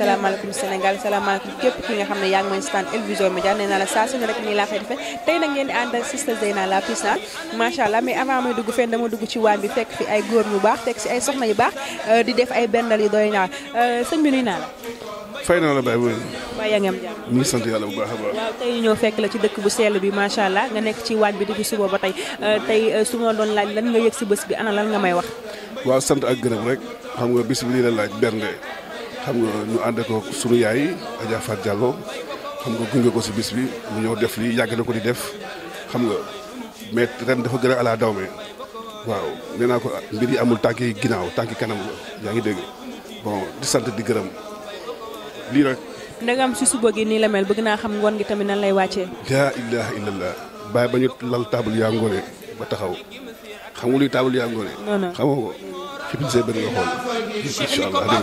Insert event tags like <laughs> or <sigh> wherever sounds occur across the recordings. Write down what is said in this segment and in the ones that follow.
salaamaaleykum Sénégal salaamaaleykum képp ki nga xam ne yaa ngi mooy stand El Vision Médias nee naa la saa su ne rek nii laa koy defee tey nag ngeen di ànd ak sister Zeyna la puissante macha may bi fekk fi ay góor ñu baax si ay soxna yu baax euh, di def ay bendal yu doy naa euh, bi nuyu naa la. waaye yaa ngi am jàmm. ñu sant yàlla bu baax a baax. tey ñoo fekk la ci dëkk bu sell bi macha allah nga nekk ci waañ bi depuis suba ba tey euh, tey su ma doon laaj lan nga yëg si bés bi ana lan nga may wax. waaw sant ak gërëm rek xam nga bis bi lii la laaj bernde xam nga ñu ànd ko suñu yaay Adja Fat Diallo xam nga gunge ko si bis bi mu ñëw def li yàgg na ko di def xam nga mais ren dafa gën ala dawme waaw nee naa ko mbir amul tànki ginnaaw tànki kanam la yaa ngi dégg bon di sant di gërëm lii rek ndagam si suba gi ni la mel bëgg naa xam ngoon gi tamit nan lay wàccee la ilaha illallah bàyyi ba ñu lal table yaa ngone ba taxaw xamul table yaa ngone xamoo ci biir see bëri nga xool incha allah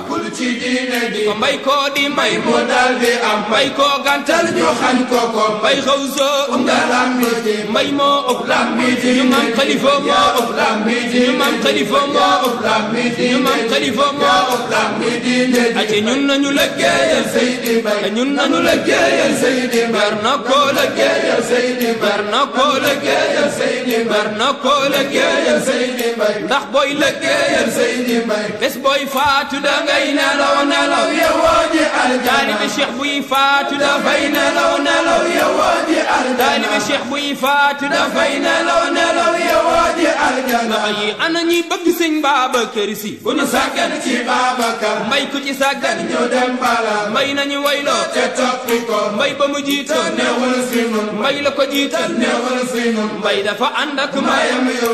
ko mbay ko di mbay mu dal di am mbay ko gàntal ñu xañ ko ko mbay xaw soo um nga lambi ji mbay moo ëpp lambi ji ñu maam xalifa moo ëpp lambi ji ñu maam xalifa moo ëpp lambi ji ñu maam xalifa moo ëpp lambi ji ate ñun nañu liggéeyal Seydi Mbay ñun nañu liggéeyal Seydi Mbay bar na ko liggéeyal Seydi Mbay bar na ko liggéeyal Seydi Mbay bar na ko liggéeyal Seydi Mbay ndax booy liggéeyal Seydi Mbaye bés booy da ngay nelaw nelaw yowoo ji aljana taalibi cheikh buy faatu dafay nelaw nelaw yowoo ji aljana taalibi cheikh buy faatu dafay nelaw nelaw yowoo Si bu ñu sàggan ci Babacar ci sàggan ñu dem bala mbay nañu wayloo te toppi ko mbay ba mu jiital newul si nun mbay la ko jiital newul si nun mbay dafa ànd ak mayam yow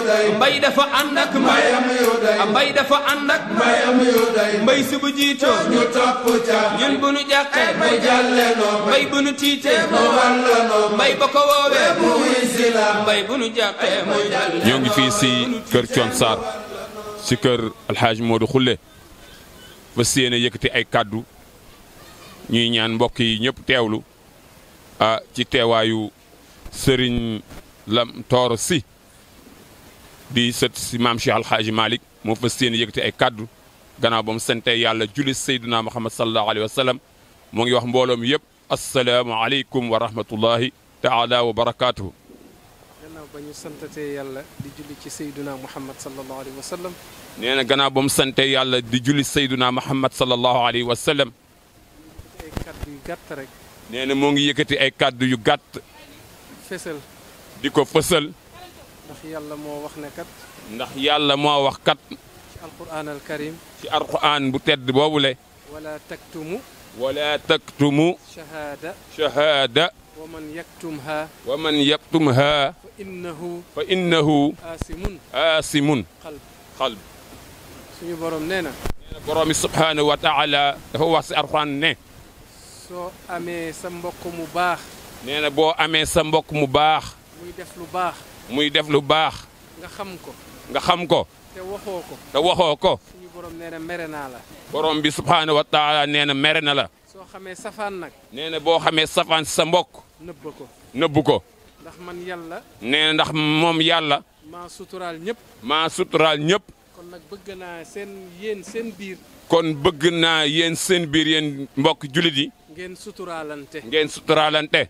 day mbay dafa ànd ak mbayam yu day mbay si bu jiitoo ñu topp ca ñun bu nu jàqee mu jàlle noo mbay bu nu tiitee mu wàlla noo mbay ba ko woowee mu wisi la mbay bu nu jàqee mu jàlle ñoo ngi fii si kër Thion Sarr si kër Alxaaji Modou Xulle fa séene yëkkati ay kàddu ñuy ñaan mbokk yi ñëpp teewlu ah ci teewaayu sëriñ Lam Tooro si di sët si maam Cheikh Alxaaji Malick mo fas yéene yëkkati ay kàddu gannaaw bam sante yàlla julli sayyidina muhammad sallallahu alayhi wa sallam moo ngi wax mbolom mi assalamu alaykum wa rahmatullahi taala wa barakatuh gannaaw bañu sante te yàlla di julli ci sayyidina muhammad sallallahu alayhi wa sallam nee na gannaaw ba sante yàlla di julli sayyidina muhammad sallallahu alayhi wa sallam ay kàddu yu gàtt rek nee na ngi yëkkati ay kàddu yu gàtt fessel diko fessel ndax yalla mo wax ne kat ndax yalla mo wax kat ci alquran alkarim ci alquran bu tedd bobu le wala taktumu wala taktumu shahada shahada ومن يكتمها ومن يكتمها فإنه فإنه آسم آسم قلب قلب سيني بروم نينا بروم سبحانه وتعالى هو سي القرآن ني سو أمي سمبوك مباخ نينا بو أمي سمبوك مباخ مي ديف لو باخ muy def lu baax. nga xam ko. nga xam ko. te waxoo ko. te waxoo ko. suñu borom mere naa la. borom bi subhaanahu wa taala nee na mere na la. soo xamee safaan nag. nee na boo xamee safaan sa mbokk. nëbb ko nëbb ko. ndax man yàlla. nee ndax moom yàlla. maa suturaal ñëpp. maa suturaal ñëpp. kon nag bëgg naa seen yéen seen biir. kon bëgg naa yéen seen biir yéen mbokk julit yi. ngeen suturaalante. ngeen suturaalante.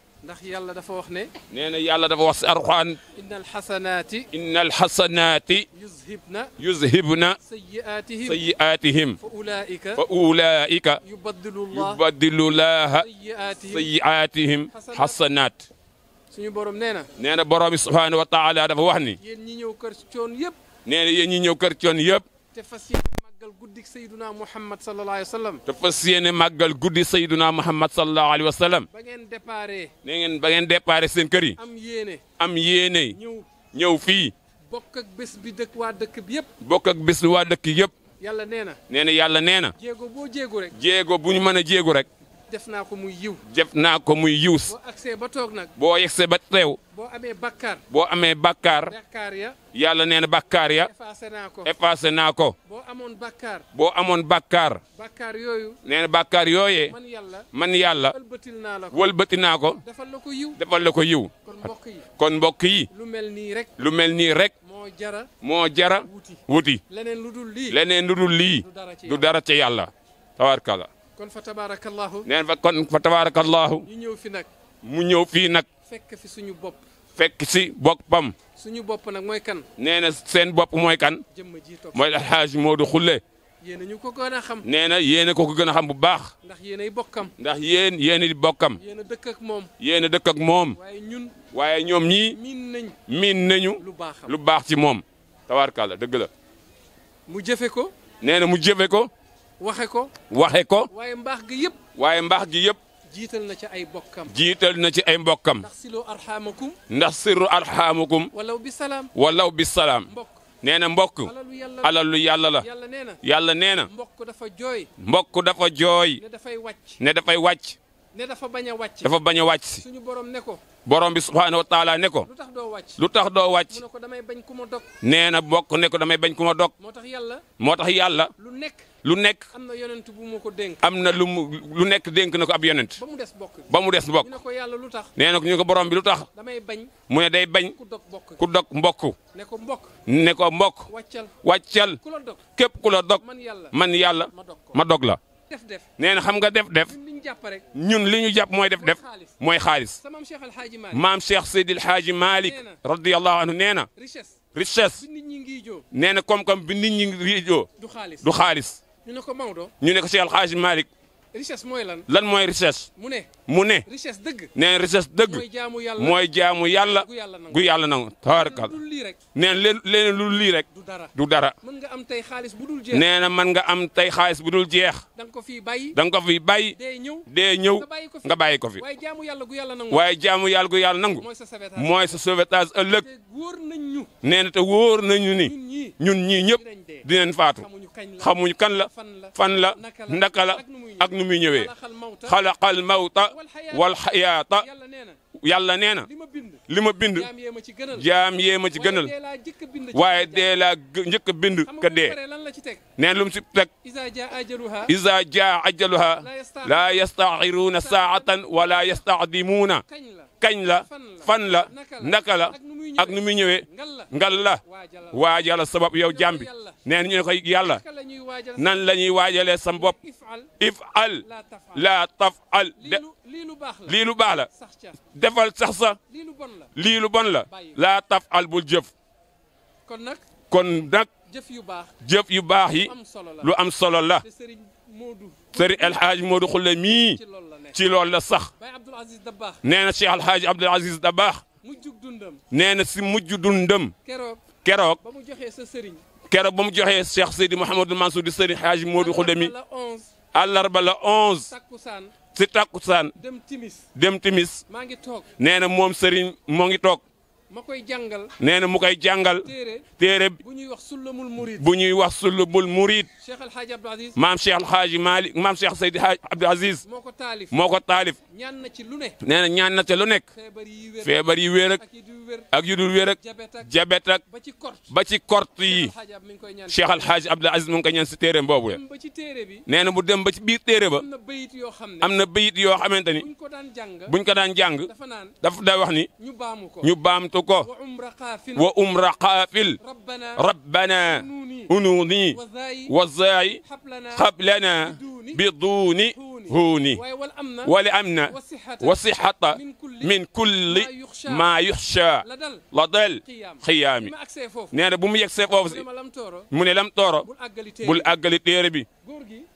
ndax yàlla dafa wax ne. nee na yàlla dafa wax si Alxuraan. innal xasanaati. innal xasanaati. yuzhibna. yuzhibna. sayyi'aatihim. sayyi'aatihim. fa ulaa'ika. fa ulaa'ika. yubaddilu laaha. sayyi'aatihim. xasanaat. suñu borom nee na. nee na borom bi subhaanahu wa taala dafa wax ni. yéen ñi ñëw kër coon yëpp. nee na yéen ñi ñëw kër coon yëpp. te fas yéene. màggal guddi sayduna Muhammad sallallahu alayhi wa sallam. te fas yéene màggal guddi sayduna Muhammad sallallahu alayhi wa sallam. ba ngeen déparé. ne ngeen ba ngeen déparé seen kër yi. am yéene. am yéene. ñëw ñëw fii. bokk bés bi dëkk waa dëkk bi yëpp. bokk ak bés bi waa dëkk yëpp. yàlla nee na. nee na yàlla nee na. jéego boo jéego rek. jéego bu ñu mën a jéego rek. def naa ko muy yiw. def naa ko muy yiw. boo agsee ba toog nag. boo yegsee ba teew. boo amee bakkaar. boo amee bakkaar. bakkaar ya. yàlla nee na bakkaar ya. effacé naa ko effacé naa ko. boo amoon bakkaar. boo amoon bakkaar. bakkaar yooyu. nee na bakkaar yooyee. man yàlla man yàlla. wëlbati naa la ko naa ko. defal la ko yiw. defal ko yiw. kon mbokk yi. kon mbokk yi. lu mel nii rek. lu mel nii rek. moo jara. moo jara wuti. leneen lu dul lii. leneen lu dul lii. du dara ca yàlla tawarkala kon fa tabaarakallaahu neen fa kon fa tabaarakallaahu ñu ñëw fi nag mu ñëw fii nag fekk fi suñu bopp fekk si boppam suñu bopp nag mooy kan nee na seen bopp mooy kan jëmm ji toog mooy alxaaji Modou Khoule yéen a ñu ko gën a xam nee na yéen a ko ko gën a xam bu baax ndax yéen ay bokkam ndax yéen yéen di bokkam yéen a dëkk ak moom yéen a dëkk ak moom waaye ñun waaye ñoom ñii miin nañ miin nañu lu baax lu baax ci moom tabaarkàlla dëgg la mu jëfe ko nee na mu jëfe ko waxe ko waxe ko. waaye mbaax gi yëpp. waaye mbaax gi yëpp. jiital na ci ay mbokkam. jiital na ci ay mbokkam. ndax siru arxaamakum. ndax siru arxaamakum. walaw bi salaam. walaw bi salaam. nee na mbokk alalu yàlla la yàlla nee na. mbokk dafa jooy. mbokk dafa jooy. ne dafay wàcc. ne dafay wàcc. ne dafa bañ a wàcc dafa bañ a wàcc si. suñu borom ne ko. borom bi subhaanahu wa taala ne ko. lu tax doo wàcc lu tax doo wàcc. mu ko damay bañ ku ma dog. nee na bokk ne ko damay bañ ku ma dog. moo tax yàlla. moo tax yàlla. lu nekk lu nekk. am na yonent bu mu ko dénk. am na lu mu lu nekk dénk na ko ab yonent. ba mu des bokk ba mu des bokk. ñu ko yàlla tax. nee na ñu ko borom bi lu tax. damay bañ. mu ne day bañ. ku dog bokk ku dog mbokk. ne ko mbokk. ne ko mbokk. wàccal wàccal. ku la dog képp ku la dog. man yàlla man yàlla ma dog la. nee na xam nga def-def ñun li ñu jàpp mooy def-def mooy xaalis maam Cheikh Seydil Hadji Malick radiyallahu anhu nee na richesse nee na koom-koom bi nit ñi riijoo du xaalis ñu ne ko Cheikh Alhaaji Malick richesse mooy lan lan mooy richesse. mu ne mu ne. richesse dëgg nee richesse dëgg. mooy jaamu yàlla mooy jaamu yàlla. gu yàlla nangu tabaarkal nee na leneen lu lii rek. du dara du dara. mën nga am tey xaalis bu dul jeex. nee na mën nga am tey xaalis bu dul jeex. da ko fiy bàyyi da nga ko fiy bàyyi. dee ñëw dee ñëw nga bàyyi ko fi. waaye jaamu yàlla gu yàlla nangu. waaye jaamu yàlla gu yàlla nangu. mooy sa sauvetage ëllëg. nee na te wóor nañu ni ñun ñii ñëpp dinañ faatu xamuñu kan la fan la ndaka la ak خلق الموت والحياة يلا نينا لما بند جام يي ما تي گنل لا نيك بند كدي نين لوم سي اذا جاء عجلها لا يستعيرون ساعه ولا يستعدمون kañ la fan la naka la ak nu muy ñëwé ngal la waajala sabab yow jàmbi neen ñu koy yàlla nan lañuy ñuy sam bop ifal la tafal li lu bax la defal sax sa li lu bon la la tafal bul jëf kon nak kon nak jëf yu bax jëf yu bax yi lu am solo la serigne modou serigne El Hadj Modou Khoule mii ci loolu la sax nee na Cheikh Alhaaji Abdoul Aziz Dabakh nee na si mujj dundam keroog keroog ba mu joxee Cheikh Seydi Mouhamadul Mansour di Seydi Haaji Modou Khoudemi àllarba la 11 si takkusaan dem timis nee na moom Serigne moo ngi toog ma koy jàngal nee na mu koy jàngal. téere bu ñuy wax sulamul murid bu ñuy wax sulamul murid. Cheikh El Hadj Abdou Aziz maam Cheikh El Hadj Malick maam Cheikh Seydi Hadj Abdou Aziz. moo ko taalif moo ko taalif. ñaan na ci lu nekk nee na ñaan na ci lu nekk. feebar yi wér ak ak yu dul wér ak jabet ak ba ci kort ba ci kort yi. Cheikh El Hadj Abdou Aziz mu ngi koy ñaan si téere boobu la. nee na bu dem ba ci biir téere ba am na bayit yoo xamante ni buñ ko daan jàng dafa daa wax ni ñu baamtu قافل وأمر قافل ربنا ربنا أنوني وزاي قبلنا بدون هوني والأمن والصحة من كل ما يخشى لضل خيامي نيانا بوم يكسي قوفزي من لم تورو بول أقل تيربي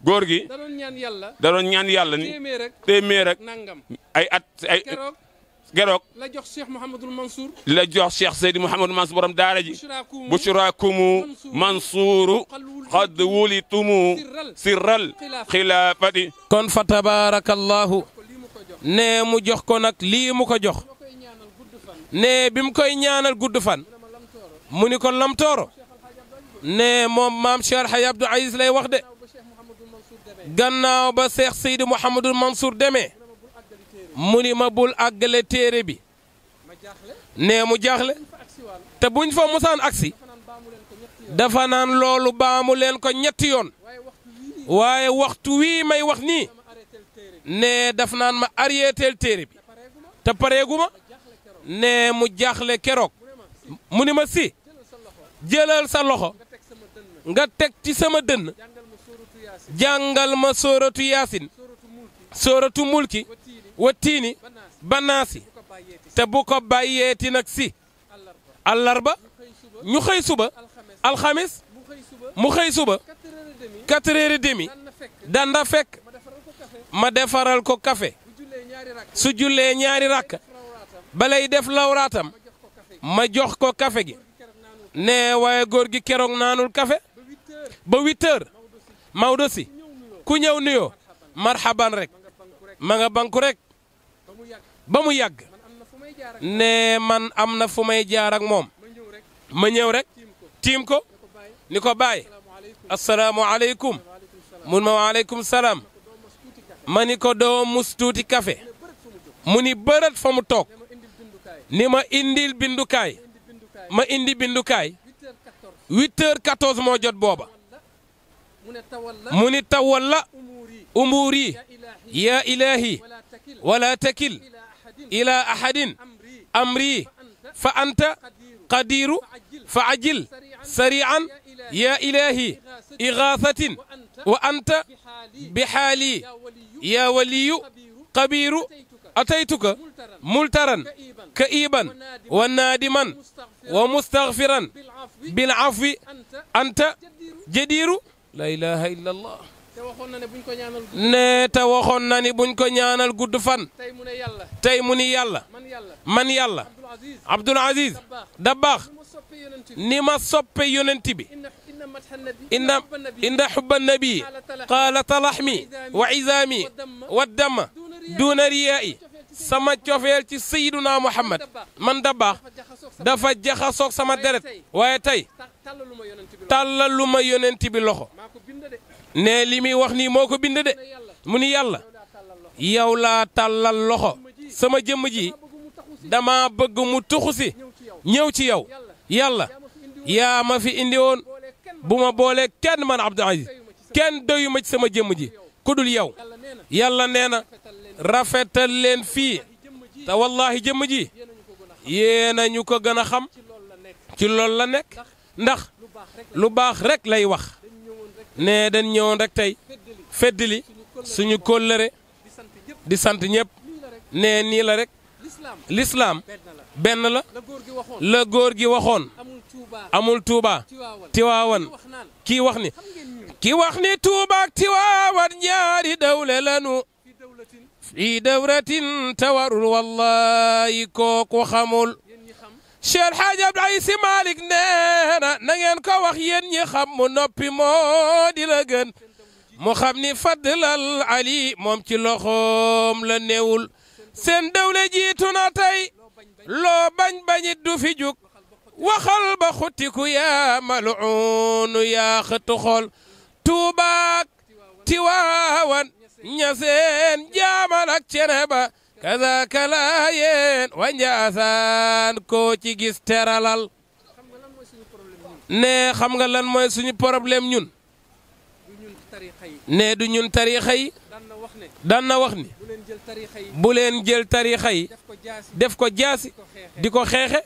غورغي دارون نيان يالا دارون نيان يالا تيميرك تيميرك نانغام أي أت أي جروك لا جوخ شيخ محمد المنصور لا محمد المنصور برم دارجي بشراكم منصور قد ولتم سرل خلافتي كن فتبارك الله ني مو جوخ كو نك لي مو كو جوخ ني بيم كوي نيانال غود فان موني كو لام تور ني موم مام شيخ حي عبد العزيز لي واخ دي غناو با شيخ سيدي محمد المنصور ديمي muni ma bul àggale téré bi né mu jaxlé te buñ fa musan aksi dafa nan loolu baamu len ko ñett yoon waye waxtu wi may wax ni né daf nan ma arrêteel téré bi te paréguma né mu jaxlé kérok muni ma si jëlal sa loxo nga tek ci sama deun jàngal ma suratu yaasin suratu mulki wa tiini bannaasi te bu ko bàyyeeti nag si àllarba ñu xëy suba alxamis mu xëy suba quatre heures et fekk ma defaral ko kafe su jullee ñaari rakk balay def lawraatam ma jox ko kafe gi ne waaye góor gi keroog naanul kafe ba huit heures Maodo si ku ñëw nuyoo marhaban rek ma nga banku rek bamu yag ne man amna fumay jaar ak mom ma ñëw rek tim ko niko ko assalamu alaykum mun ma alaykum salam maniko do mustuti café muni beurat famu tok ni ma indil bindukaay ma indi bindukaay 8h14 mo jot boba muni tawalla umuri ya ilahi wala takil إلى أحد أمري فأنت قدير فعجل سريعا يا إلهي إغاثة وأنت بحالي يا ولي قبير أتيتك ملترا كئيبا ونادما ومستغفرا بالعفو أنت جدير لا إله إلا الله ne te waxoon na ni buñ ko ñaanal gudd fan. tey mu ni yàlla. man yàlla. Abdul Aziz Dabaax ni ma soppe yonent bi. inna inna xubba nabi qaala talaxmi wa izaami wa damma duuna riyaa'i sama cofeel ci sayyiduna Muhammad man Dabaax dafa jaxasoog sama deret waaye tey tàllalu ma yonent bi loxo. ne li muy wax nii moo ko bind de mu ni yàlla yow laa tàllal loxo sama jëmm ji dama bëgg mu tuxu si ñëw ci yow yàlla yaa ma fi indi woon bu ma boolee kenn man Abdou Aziz kenn doyu ma ci sama jëmm ji ku dul yow yàlla nee na rafetal leen fii te wallaahi jëmm ji yéena ñu ko gën a xam ci loolu la nekk ndax lu baax rek lay wax ne dañ ñëwoon rek tey feddili suñu kóllëre di sant ñépp ne nii la rek lislaam benn la la gi waxoon amul tuuba tiwaawan kii wax ni kii wax ni tuuba tiwaawan ñaari dawle lanu fii dawratin tawarul wallahi kooku xamul Cheikh El Hadj Abdou Aziz Sy Malick nee ko wax yéen ñi xam mu noppi moo di la mu xam ni fadlal ali moom ci loxoom la néewul seen dawle jiitu na tey loo bañ-bañit du fi jug waxal ba xuttiku yaa maluunu yaa xëttu xool tuubaak tiwaawan ñaseen jaamal ak cene ba kazaka laayeen wa njaasaan koo ci gis teralal ne xam nga lan mooy suñu problème ñun ne du ñun tariixa yi daan na wax ni bu leen jël tariixa yi def ko jaasi di ko xeexe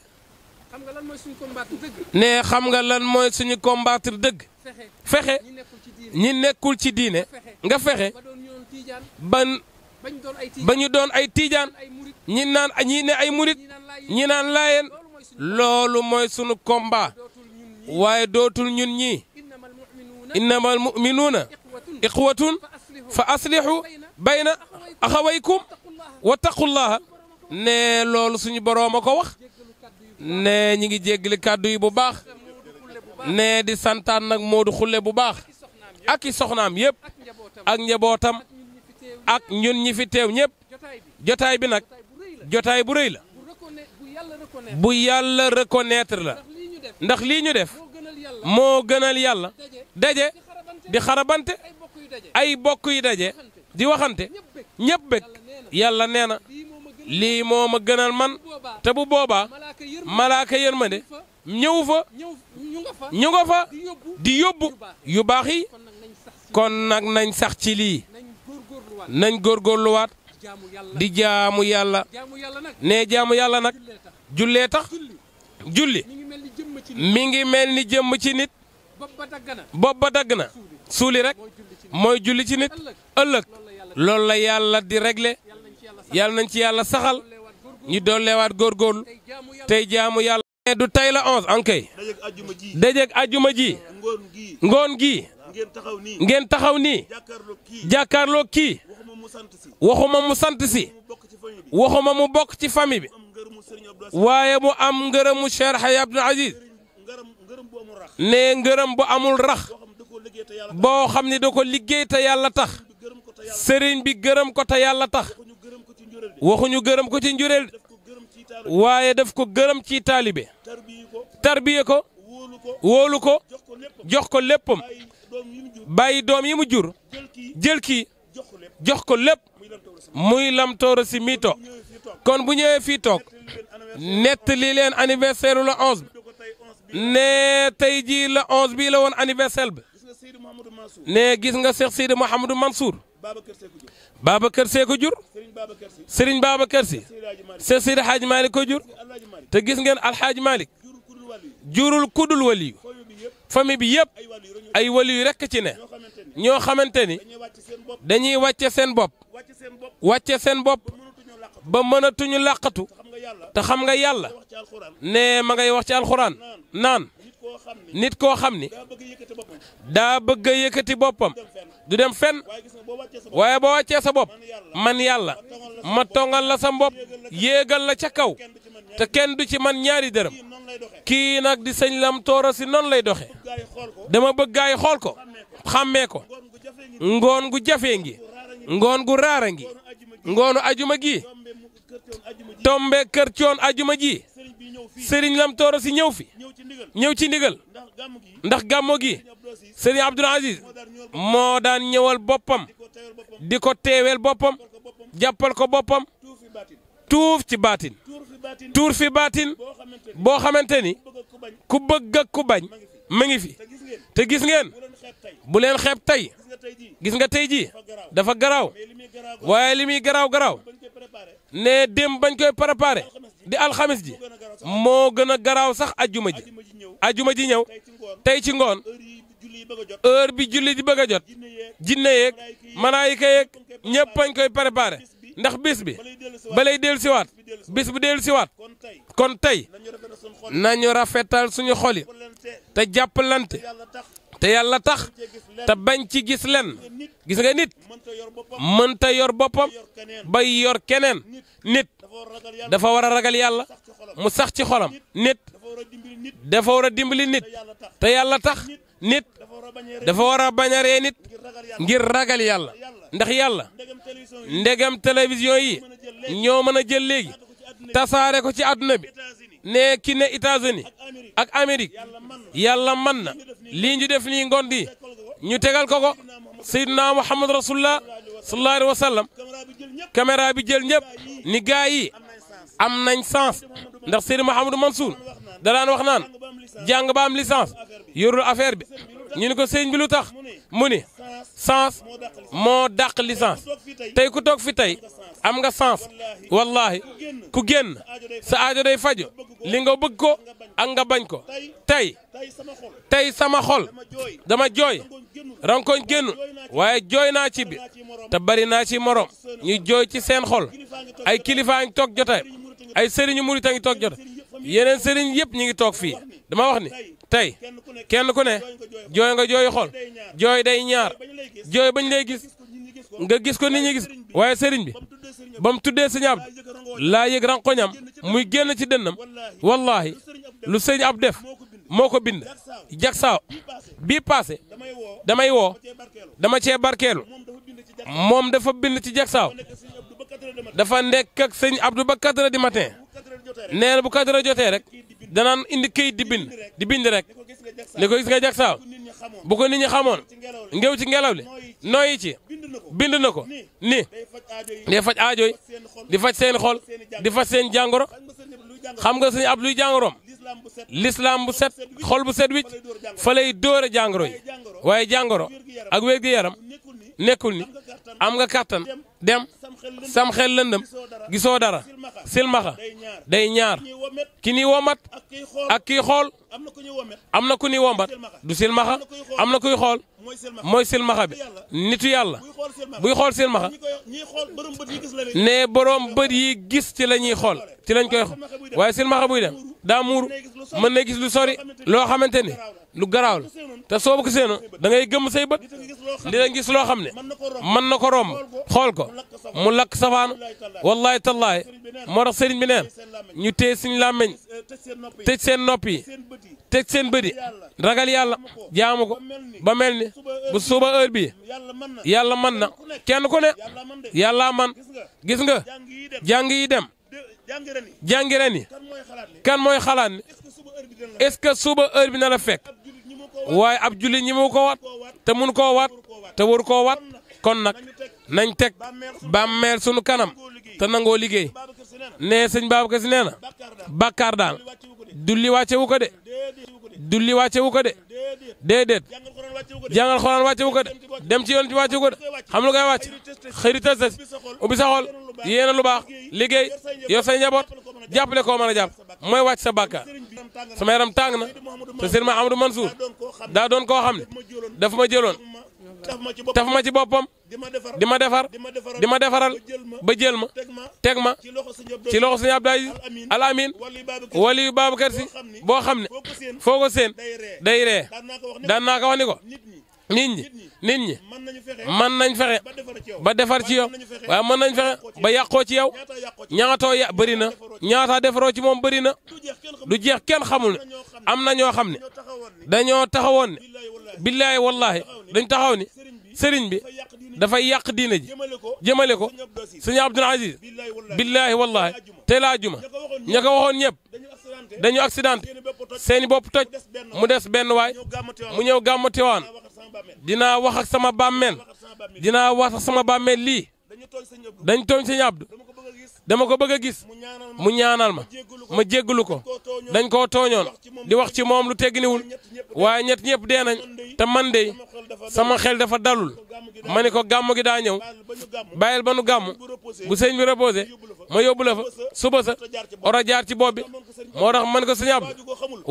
ne xam nga lan mooy suñu combattre dëgg fexe ñi nekkul ci diine nga fexe ban ba ñu doon ay tiijaan ñi naan ñi ne ay murit ñi naan laayeen loolu mooy sunu combat waaye dootul ñun ñii innamal muminuuna iqwatun fa aslihu bayna axawaykum wattaqullaha ne loolu suñu boroom a ko wax ne ñi ngi jéggli kàddu yi bu baax ne di santaan nag Moodu Xulle bu baax ak i soxnaam yépp ak njabootam ak ñun ñi fi teew ñëpp jotaay bi nag jotaay bu rëy la bu yàlla reconnaître la ndax lii ñu def moo gënal yàlla daje di xarabante ay bokk yu daje di waxante ñëpp bëgg yàlla nee na lii moo ma gënal man te bu boobaa malaaka yërmande ñëw fa ñu nga fa di yóbbu yu baax yi kon nag nañ sax ci lii nañ góorgóorluwaat di jaamu yàlla ne jaamu yàlla nag jullee tax julli mi ngi mel ni jëmm ci nit bopp ba dagg na suuli rek mooy julli ci nit ëllëg loolu la yàlla di régler yàlla nañ ci yàlla saxal ñu dolleewaat góorgóorlu tey jaamu yàlla. du tey la onze ankay dajeeg ajuma ji ngoon gi ngeen taxaw nii ngeen taxaw nii jàkkaarloo kii waxuma mu sant si waxuma mu bokk ci famille bi waaye mu am ngërëmu Cheikh Haya Abdou Aziz ne ngërëm bu amul rax boo xam da ko liggéey te yàlla tax sëriñ bi gërëm ko te yàlla tax waxuñu gërëm ko ci njureel waaye daf ko gërëm ci taalibe tarbiye ko wóolu ko jox ko léppam bàyyi doom yi mu jur jël kii jox ko lépp muy lam tooro si mii toog kon bu ñëwee fii toog nettali leen anniversaire la 11 ne tey jii la 11 bii la woon anniversaire bi ne gis nga Cheikh Sidi Mouhamadou Mansour Babacar Sy ko jur Serigne Babacar Sy Cheikh Sidi Hadj Malick ko jur te gis ngeen Alhaaj Malick jurul kudul waliyu famille bi yëpp ay wali yu rekk ci ne ñoo xamante ni dañuy wàcce seen bopp wàcce seen bopp ba mënatuñu làqatu te xam nga yàlla ne ma ngay wax ci alxuraan naan nit koo xam ni daa bëgg a yëkkati boppam du dem fenn waaye boo wàccee sa bopp man yàlla ma tongal la sa bopp yéegal la ca kaw te kenn du ci man ñaari dërëm kii nag di sëñ Lam Tooro si noonu lay doxee dama bëgg xool ko xàmmee ko ngoon gu jafee ngi ngoon gu raara ngi ngoonu ajuma gi tombe kër coon ajuma ji sëriñ Lam Tooro si ñëw fi ñëw ci ndigal ndax gàmmo gi sëriñ Abdoul Aziz moo daan ñëwal boppam di ko teeweel boppam jàppal ko boppam tuuf ci baatin tuur fi baatin boo xamante ni ku bëgg ak ku bañ ma ngi fi te gis ngeen bu leen xeeb tey gis nga tey jii dafa garaaw waaye li muy garaaw garaaw ne dem bañ koy préparé di alxamis ji moo gën a garaaw sax ajuma ji ajuma ji ñëw tey ci ngoon heure bi julli di bëgg a jot jinne yeeg malaayika yeeg ñëpp bañ koy préparé ndax bis bi balay dellu siwaat bis bu dellu siwaat kon tey nañu rafetal suñu xol yi te jàppalante te yàlla tax te bañ ci gis len gis nga nit mënta yor boppam bay yor keneen nit dafa war a ragal yàlla mu sax ci xolam nit dafa war a dimbali nit te yàlla tax nit dafa war a bañ ree nit ngir ragal yàlla ndax yàlla ndegam télévision yi ñoo mën jël léegi tasare ko ci aduna bi ne ki ne États-Unis ak Amérique yàlla man na li ñu def ni ngondi ñu tegal ko ko Seydina Muhammad rasulullah sallallahu alaihi wasallam caméra bi jël ñep ni gaay yi am nañ sens ndax sayyid Mouhamadou Mansour da lan wax nan jàng ba am licence yorul affaire bi ñu ni ko sëñ bi lu tax mu ni sens moo dàq licence tey ku toog fi tey am nga sens wallaahi ku génn sa aajo day fajo li nga bëgg ko ak nga bañ ko tey tey sama xol dama jooy rankoñ génn waaye jooy naa ci bi te bari naa ci morom ñu jooy ci seen xol ay kilifaa ngi toog jotaay ay sëriñu murit a ngi toog jot yeneen sëriñ yëpp ñu ngi toog fii dama wax ni tey kenn ku ne jooy nga jooy xool jooy day ñaar jooy bañ lay gis nga gis ko nit ñi gis waaye sëriñ bi ba mu tuddee sëñ Abdu laa yëg rankoñam muy génn ci dënnam wallaahi lu sëñ ab def moo ko bind jag saaw bii paase damay woo dama cee barkeelu moom dafa bind ci jag saaw dafa nekk ak sëñ Abdu ba 4 di du matin nee na bu kadara jotee rek danaan indi këyit di bind di bind rek li ko gis nga jag saaw bu ko nit ñi xamoon ngéw ci ngelaw li nooyi ci bind ko ni day faj aajooy di faj seen xol di faj seen jàngoro xam nga sëñ ab luy jàngoroom lislaam bu set xol bu set wicc fa lay dóore jàngoro yi waaye jàngoro ak wér-gu-yaram nekkul ni am nga kàttan dem sam xel lëndëm gisoo dara silmaxa day ñaar ki ni womat ak kii xool am na ku ni wombat du silmaxa am na kuy xool mooy silmaxa bi nitu yàlla buy xool silmaxa ne borom bët yi gis ci la ñuy xool ci lañ koy xool waaye silmaxa buy dem daa muuru mën na gis lu sori loo xamante ni lu garaaw te soo ko seenu da ngay gëm sey bët li la gis lo xamne man nako rom xol ko mu lak safan wallahi tallahi mo tax serigne bi neen ñu téye suñ lamagne tëj seen nopi yi tëj seen bët ragal yàlla jaamu ba melni bu suba heure bi yàlla man na kenn ku ne yalla man gis nga jàng yi dem jàngi ren kan moy xalaat ni est-ce que suba heure bi na la fekk waaye ab jullit ñi mu ko wat te mun koo wat te waru koo wat kon nag nañ teg bàmmeel sunu kanam te nangoo liggéey nee sëñ Babacar Si nee na bàkkaar daal dulli wàcce wu ko de dulli wàcce wu ko de déedéet jàngal xoraan wàcce wu ko de dem ci yoon ci wàcce wu ko de xam lu koy wàcc xëri tës ubbi sa xol yéena lu baax liggéey yor say njaboot jàppale koo mën a jàpp mooy wàcc sa bàkkaar sama yaram tàng na te sëriñ Mahamadou Mansour daa doon koo xam ne dafa ma jëloon taf ma ci boppam di ma defar di ma defaral ba jël ma teg ma ci loxo sëñ Abdou Aziz Al Amin wali yu Babacar Si boo xam ne foo ko seen day ree daan naa ko wax ni ko nit ñi nit ñi mën nañ fexe ba defar ci yow waaye man nañ fexe ba yàqoo ci yow ñaatoo ya bëri na ñaataa defaroo ci moom bëri na du jeex kenn xamul ne am na ñoo xam ne dañoo taxawoon ne billaahi wallaahi dañ taxaw ni sëriñ bi dafay yàq diina ji jëmale ko sëñ Abdul Aziz billaahi wallaahi tey laa juma ña ko waxoon ñëpp dañu accident seeni bopp toj mu des benn waay mu ñëw gàmm Tiwaawan dinaa wax ak sama bàmmeel dinaa wax sama bàmmeel lii dañ tooñ sëñ Abdou dama ko bëgg a gis mu ñaanal ma ma jéggalu ko dañ koo tooñoon di wax ci moom lu tegginiwul waaye ñett ñëpp dee nañ te man de sama xel dafa dalul ma ne ko gàmm gi daa ñëw bàyyil ba nu gàmm bu sëñ bi reposé ma yóbbu la fa suba sa ora jaar ci bopp bi moo tax man ko sëñ ab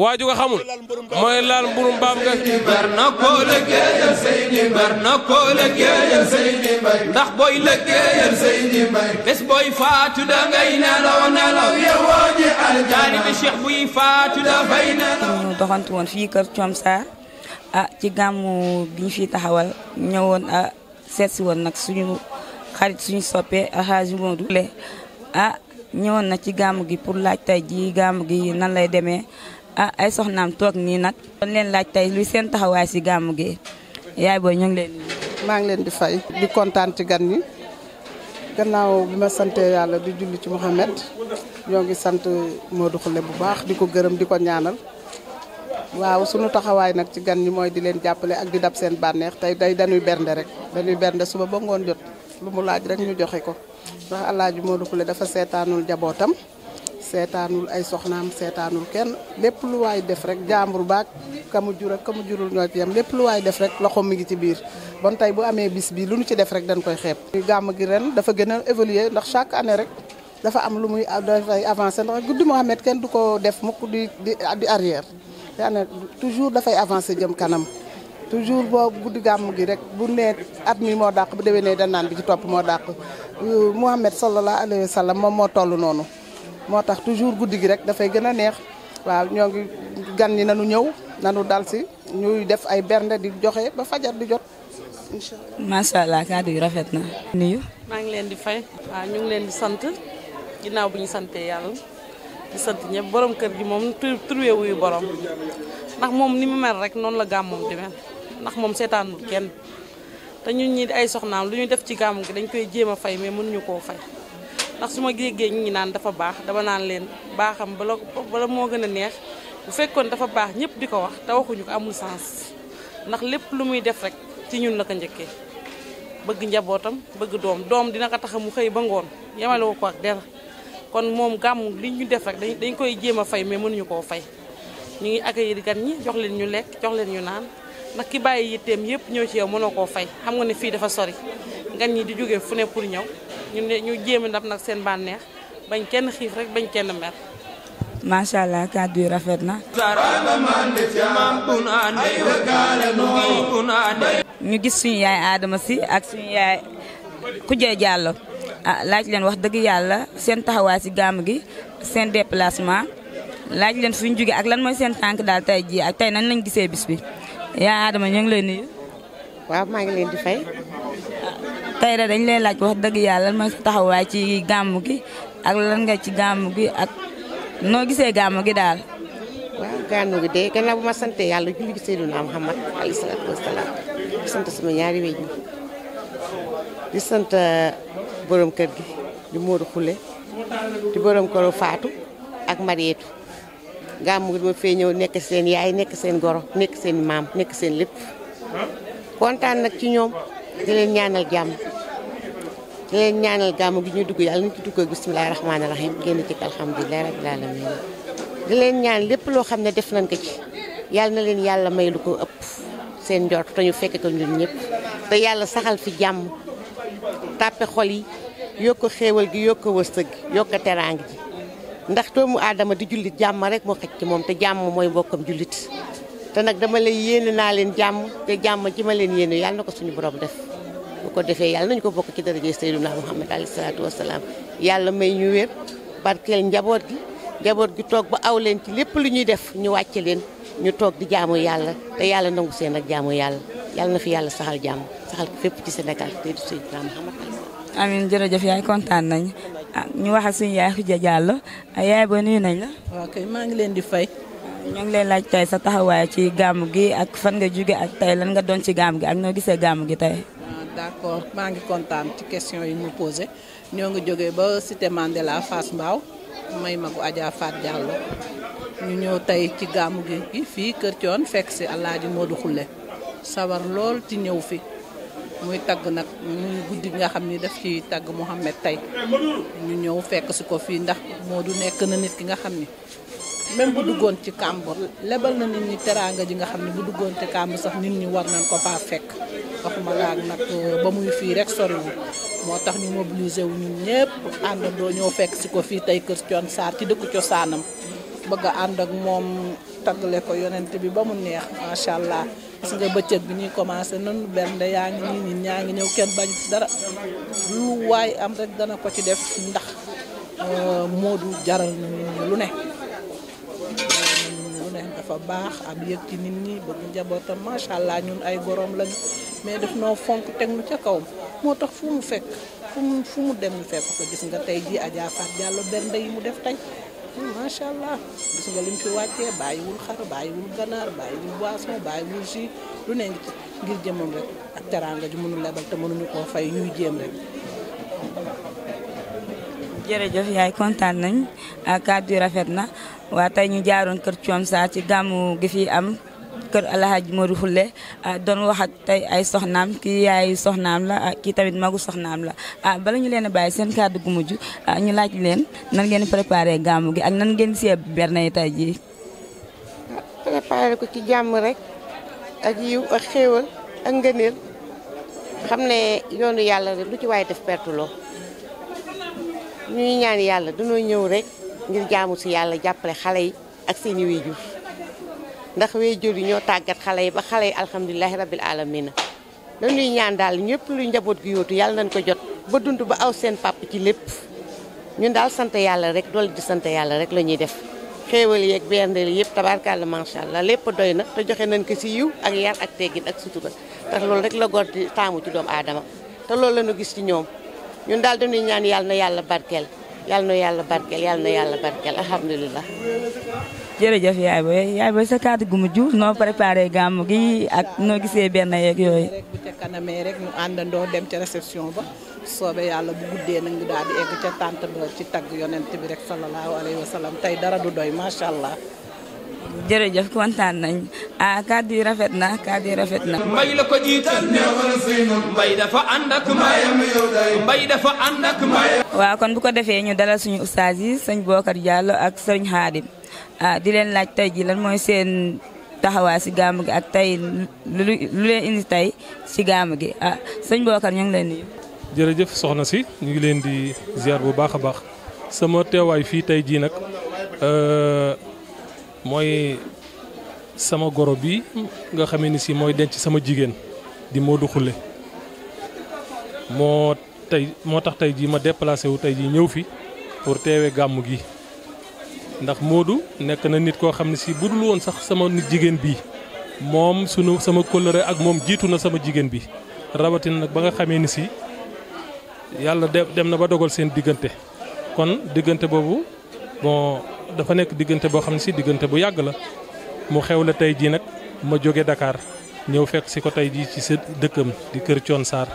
waaju ko xamul mooy laal mburum baam nga ndax booy lëggéeyal sëñ bi bés booy faatu da ngay nelaw nelaw yowoo ji aljana bi cheikh buy faatu dafay nelaw ñu doxantu woon fii kër Thione Sarr ah ci gàmmu gi ñu fiy taxawal ñëwoon ah nag suñu xarit suñu soppee alxaaji Moodu ah, ñëwoon na ci gàmmu gi pour laaj tey ji gàmmu gi nan lay demee ah ay soxnaam toog nii nag doon leen laaj tey luy seen taxawaay si gàmmu gi yaay booy ñu ngi leen maa ngi leen di fay di kontaan ci gan ñi gannaaw bi ma sante yàlla di julli ci Mouhamed ñoo ngi sant Modou Khoule bu baax di ko gërëm di ko ñaanal waaw sunu taxawaay nag ci gan ñi mooy di leen jàppale ak di dab seen bànneex tey day dañuy bernde rek dañuy bernde suba ba ngoon jot lu mu laaj rek ñu joxe ko ndax Alaaji Modou Khoule dafa seetaanul jabootam seetaanul ay soxnaam seetaanul kenn lépp lu waay def rek jàmbur baag kamu jur ak jurul ñoo ci yam lépp lu waay def rek loxo mi ngi ci biir bon tay bu amé bis bi luñu ci def rek dañ koy xeeb. gam gi ren dafa gëna évoluer ndax chaque année rek dafa am lu muy dafay avancer ndax guddi mohammed kenn duko def mukk di di arrière yaa toujours fay avancer jëm kanam. toujours bo guddi gam gi rek bu né at mi moo dàq bu né da nan bi ci top mo dàq mohammed sallallahu alayhi Wasallam mom mo tollu nonu motax toujours guddi gi rek da fay gëna neex waaw ñoo ngi gan ni nanu ñëw nañu dal ci ñuy def ay bernde di joxe ba fajar di jot. incha allah macha allah kàddu yi rafet na. nuyu. maa ngi leen di fay. waaw ñu ngi leen di sant ginnaaw bu ñu santee yàlla di sant ñëpp borom kër gi moom turwee wuyu borom ndax moom ni mu mel rek noonu la gàmmoom di mel ndax moom seetaanul kenn te ñun ñii di ay soxnaam lu ñu def ci gàmmu gi dañ koy jéem a fay mais mënuñu koo fay ndax su ma géegee ñu ngi naan dafa baax dama naan leen baaxam bala moo gën a neex bu fekkoon dafa baax ñëpp di ko wax te waxuñu ko amul sens ndax lépp lu muy def rek. ci ñun la ko njëkkee bëgg njabootam bëgg doom doom dina ko tax mu xëy ba ngoon yemale wu ko ak der kon moom gàmmu li ñu def rek dañ koy jéem fay mais mënuñu koo fay ñu ngi accueillir gan ñi jox leen ñu lekk jox leen ñu naan ndax ki bàyyi yitteem yëpp ñëw ci yow mënoo koo fay xam nga ne fii dafa sori gan ñi di jóge fu ne pour ñëw ñu ne ñu jéem a ndam nag seen bànneex bañ kenn xiif rek bañ kenn mer. macha allah kàddu yi rafet na. ñu gis suñu yaay Adama si ak suñu yaay Kujee Diallo ah laaj leen wax dëgg yàlla seen taxawaay si gàmm gi seen déplacement laaj leen fu ñu ak lan mooy seen tànk daal tey jii ak tey nan lañ gisee bis bi yaay Adama ñu ngi lay nuyu. waaw maa ngi leen di fay. Ah, tey da dañ lay laaj wax dëgg yàlla lan mooy sa taxawaay ci gàmm gi ak lan nga ci gàmm gi ak noo gisee gàmm gi daal. waaw gànnu gi de gannaaw bu ma santee yàlla julli ci Seydina Muhammad alayhi salaatu wasalaam di sant sama ñaari wéy di sant uh, borom kër gi di Modou Khoule di borom këru Faatu ak Marietu gàmmu gi dama fee ñëw nekk seen yaay nekk seen goro nekk seen maam nekk seen lépp kontaan nag ci ñoom di leen ñaanal jàmm di leen ñaanal gàmmu gi ñu dugg yàlla nañu ci dugg ak bisimilah rahmaani rahim génn ci alhamdulilah rabbil alamin di leen ñaan lépp loo xam ne def nañ ko ci yàlla na leen yàlla may lu ko ëpp seen njort te ñu fekk ko ñun ñëpp te yàlla saxal fi jàmm tàppe xol yi yokk xéewal gi yokk wërsëg gi yokk teraang ji ndax doomu aadama di jullit jàmm rek moo xaj ci moom te jàmm mooy mbokkam jullit te nag dama lay yéene naa leen jàmm te jàmm ji ma leen yéene yàlla na ko suñu borom def bu ko defee yàlla nañu ko bokk ci daraje Seydina Muhammad alayhi salaatu wasalaam yàlla may ñu gi njaboot gi toog ba aw leen ci lépp lu ñuy def ñu wàcce leen ñu toog di jaamu yàlla te yàlla nangu seen ak jaamu yàlla yàlla na fi yàlla saxal jàmm saxal ko fépp ci Sénégal te du sëñ Ibrahima Xamad amiin jërëjëf yaay kontaan nañu ah, ñu wax ak suñu yaay Khoudia Diallo ah, yaay ba nuyu nañ la. waaw maa ngi leen di fay. Ah, ñoo ngi lay laaj tey sa taxawaay ci gàmm gi ak fan nga jóge ak tey lan nga doon ci gàmm gi ak noo gisee gàmm gi tey. d'accord maa ngi kontaan ci question yi mu ñoo ngi jógee ba cité Mandela Fass Mbao may ma Adja Fat Diallo ñu ñëw tey ci gàmmu gi fii Kër Thione fekk si Alaaji Modou Khoule sawar lool ci ñëw fi muy tagg nag muy guddi nga xam ni daf ci tagg Mouhamed tey ñu ñëw fekk si ko fii ndax moo du nekk na nit ki nga xam ni même bu duggoon ci kàmb lebal na nit ñi teraanga ji nga xam ne bu duggoon ci kàmb sax nit ñi war nañ ko faa fekk waxuma laag nag ba muy fii rek soriwul motax ñu mobiliser wu ñun ñepp do ñoo fekk ci ko fi tay keur Thion Sar ci dëkk sanam bëgg and ak mom tagalé ko yonent bi ba mu neex machallah ci nga bëccëg bi ñi commencé nan bernde yaa ngi ñi nit ñaa kenn bañ dara lu way am rek dana ko ci def ndax euh, modu jaral na lu ne lu ne dafa baax am yëg ci nit ñi bëgg njabootam machallah ñun ay gorom lañ mais def no fonk tek mu ca moo tax fu mu fekk fu mu fu mu dem fekk ko gis nga tey jii Adja Fatou Diallo bernde yi mu def tey macha allah gis nga lim fi wàccee bàyyiwul xar bàyyiwul ganaar bàyyiwul boisson bàyyiwul jus lu ne ngi ci ngir jëmam rek ak teraanga ji mënul lebal te mënuñu koo fay ñuy jéem rek. jërëjëf yaay kontaan nañ kàddu yi rafet na waa tey ñu jaaroon kër Thione Sarr ci gàmmu gi fi am. kër Alhaji Modou Khoule ah, doon wax ak tey ay soxnaam kii yaayu soxnaam la ah, kii tamit magu soxnaam la ah bala ñu leen a bàyyi seen kàddu gu mujj ah, ñu laaj leen nan ngeen préparé gàmmu gi ak nan ngeen see berne yi tey jii. préparé ko ci jàmm rek ak yiw ak xéewal ak ngëneel xam ne yoonu yàlla lu ci waaye def perte loo ñuy ñaan yàlla dañoo ñëw rekk ngir jaamu si yàlla jàppale xale yi ak seeni waajur ndax we waajur yi ñoo tàggat xale yi ba xale yi alhamdulilahi rabil alamina dañuy ñaan daal ñëpp luy njaboot gi yóotu yàlla nañ ko jot ba dund ba aw seen pàpp ci lépp ñun daal sant yàlla rek dool di sant yàlla rek la ñuy def xéewal yeeg berndeel yëpp tabarkalla macha allah lépp doy na te joxe nañ ko si yiw ak yar ak teggin ak sutura tax loolu rek la gor di taamu ci doomu aadama te loolu la ñu gis ci ñoom ñun daal dañuy ñaan yàlla na yàlla barkeel yàlla na yàlla barkeel yàlla na yàlla barkeel alhamdulilah jërëjëf yaay boy yaay boy sa kàddu gumu juus noo préparé gàmm gi ak noo gisee benn yeeg yooyu. rek bu ca kanamee rek ñu àndandoo dem ca réception ba soobe yàlla bu guddee nag ñu daal di egg ca tànt ba ci tagg yonent bi rek sallallahu alayhi wa sallam tey dara du doy macha allah. jërëjëf kontaan nañ ah kàddu yi rafet na kàddu yi rafet na. mbay la ko jiital mbay dafa ànd ak mbayam yow day mbay dafa ànd ak mbayam. waaw kon bu ko defee ñu dalal suñu oustaz yi sëñ Bokar Diallo ak sëñ Xaadim ah di len laaj tay ji lan moy sen taxawa ah, ah, kan si gamu gi ak tay lu len indi tay si gamu gi ah señ bokkar ñu ngi leen nuyu. jeuf soxna si ñu ngi leen di ziar bu baaxa baax sama fi tay ji nak euh ah, moy sama goro bi nga xamé ni si moy denc sama jigen di Modou khulle mo tay motax tay ji ma déplacer wu tay ji ñew fi pour téwé gamu gi ndax modu, nek na nit ko xamni ne si budul won sax sama nit jigen bi mom sunu sama kóllëre ak mom jitu na sama jigen bi rawatina nak ba nga ya ni si yalla dem na ba dogal sen diggante kon diggante bobu bon dafa nek diggante bo xamni ne si diggante bu yag la mu xew la tey jii ma Dakar ñew fekk si ko tay ji ci sa dëkkam di kër Thione sar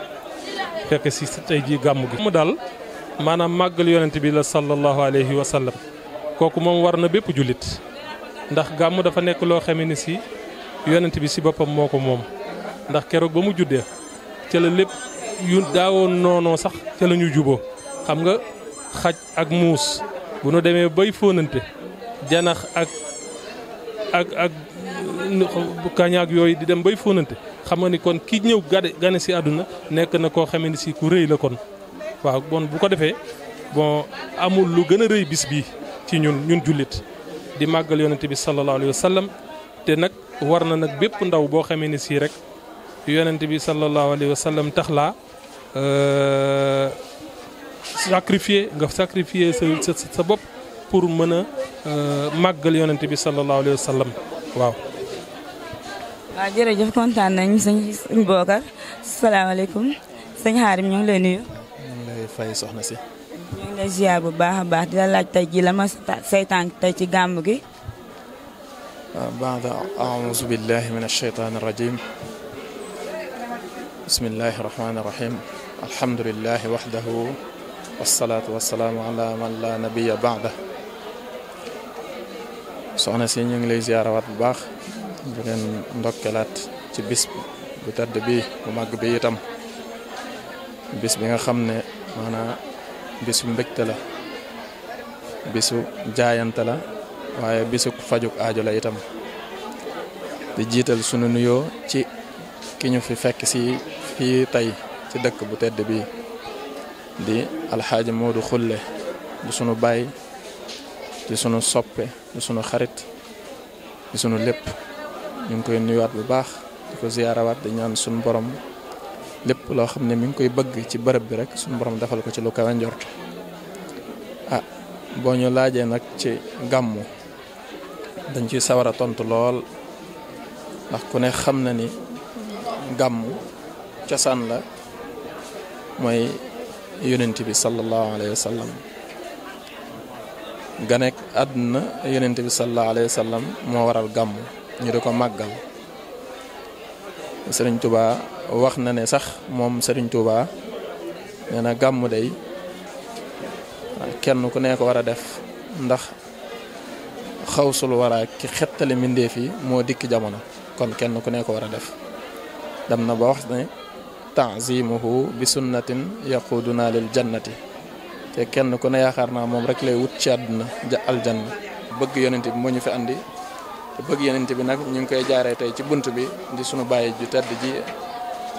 fekk si tay ji gamu gi mu dal manam magal yonent bi la sallallahu alayhi wa sallam koku mom warna na julit ndax gamu dafa nek lo xamé ni si yonent bi si bopam moko mom moom ndax kérok bamu juddé ci la lepp yu daawoon nono sax ci lañu jubo xam nga xaj ak mous bu nu démé bay fonenté janax ak ak ak ak yoy di dem bay fonenté xamani kon ki ñew gade gane si aduna nek na ko xamé ni si ku rëy la kon waaw bon bu ko défé bon amul lu gëna bis bi ci ñun ñun julit di magal yonent bi sallallahu alayhi wasallam te nak war na nag bépp ndaw bo xamé ni si rek yonent bi sallallahu alayhi wasallam taxla euh sacrifier nga sacrifier sa sa bop pour mën euh magal yonent bi sallallahu alayhi wa sallam waaw. waaw jërëjëf kontaan nañu sëñ Bokar alaykum sëñ harim ñu ngi lay nuyu. ñu lay fay soxna si. بعد أعوذ بالله من الشيطان الرجيم بسم الله الرحمن الرحيم الحمد لله وحده والصلاة والسلام على من لا نبي بعده سوانا سيني نجلي زيارة وات باخ بغن ندوكلات تي بيس بوتاد بي وماك بي يتم بيس بيغا خمني معناها bisu mbëgt la bisu jaayante la waaye bisu fajuk aajo la itam di jiital sunu nuyoo ci ki ñu fi fekk si fii tey ci dëkk bu tedd bii di alxaaji Moodu Xulle di sunu baay di sunu soppe di sunu xarit di sunu lépp ñu ngi koy nuyuwaat bu baax di ko ziyaarawaat di ñaan sunu borom lepp lo xamne mi ngi koy bëgg ci bërepp bi rek suñu borom defal ko ci lu kawe njort ah bo ñu laajee nak ci gamu dañ ci sawara tontu lool ndax ku ne xam na ni gamu cosaan la moy yonent bi sallallahu alayhi wasallam ganek adna yonent bi sallallahu alayhi wasallam mo waral gamu ñu diko maggal سرين توبا وقنا نسخ مم سرين توبا نحن قام مدعي كأنه كنا يكوارا دف ندخ خوص الورا كخطة لمن دي في موديك جامونا كان كأنه كنا يكوارا دف دمنا بوقت تعظيمه بسنة يقودنا للجنة كأنه كنا يخرنا مم ركلي وتشادنا الجنة بقي ينتي موني في عندي te bëgg yenent bi nag ñu ngi koy jaaree tey ci bunt bi di sunu bàyyi ju tedd ji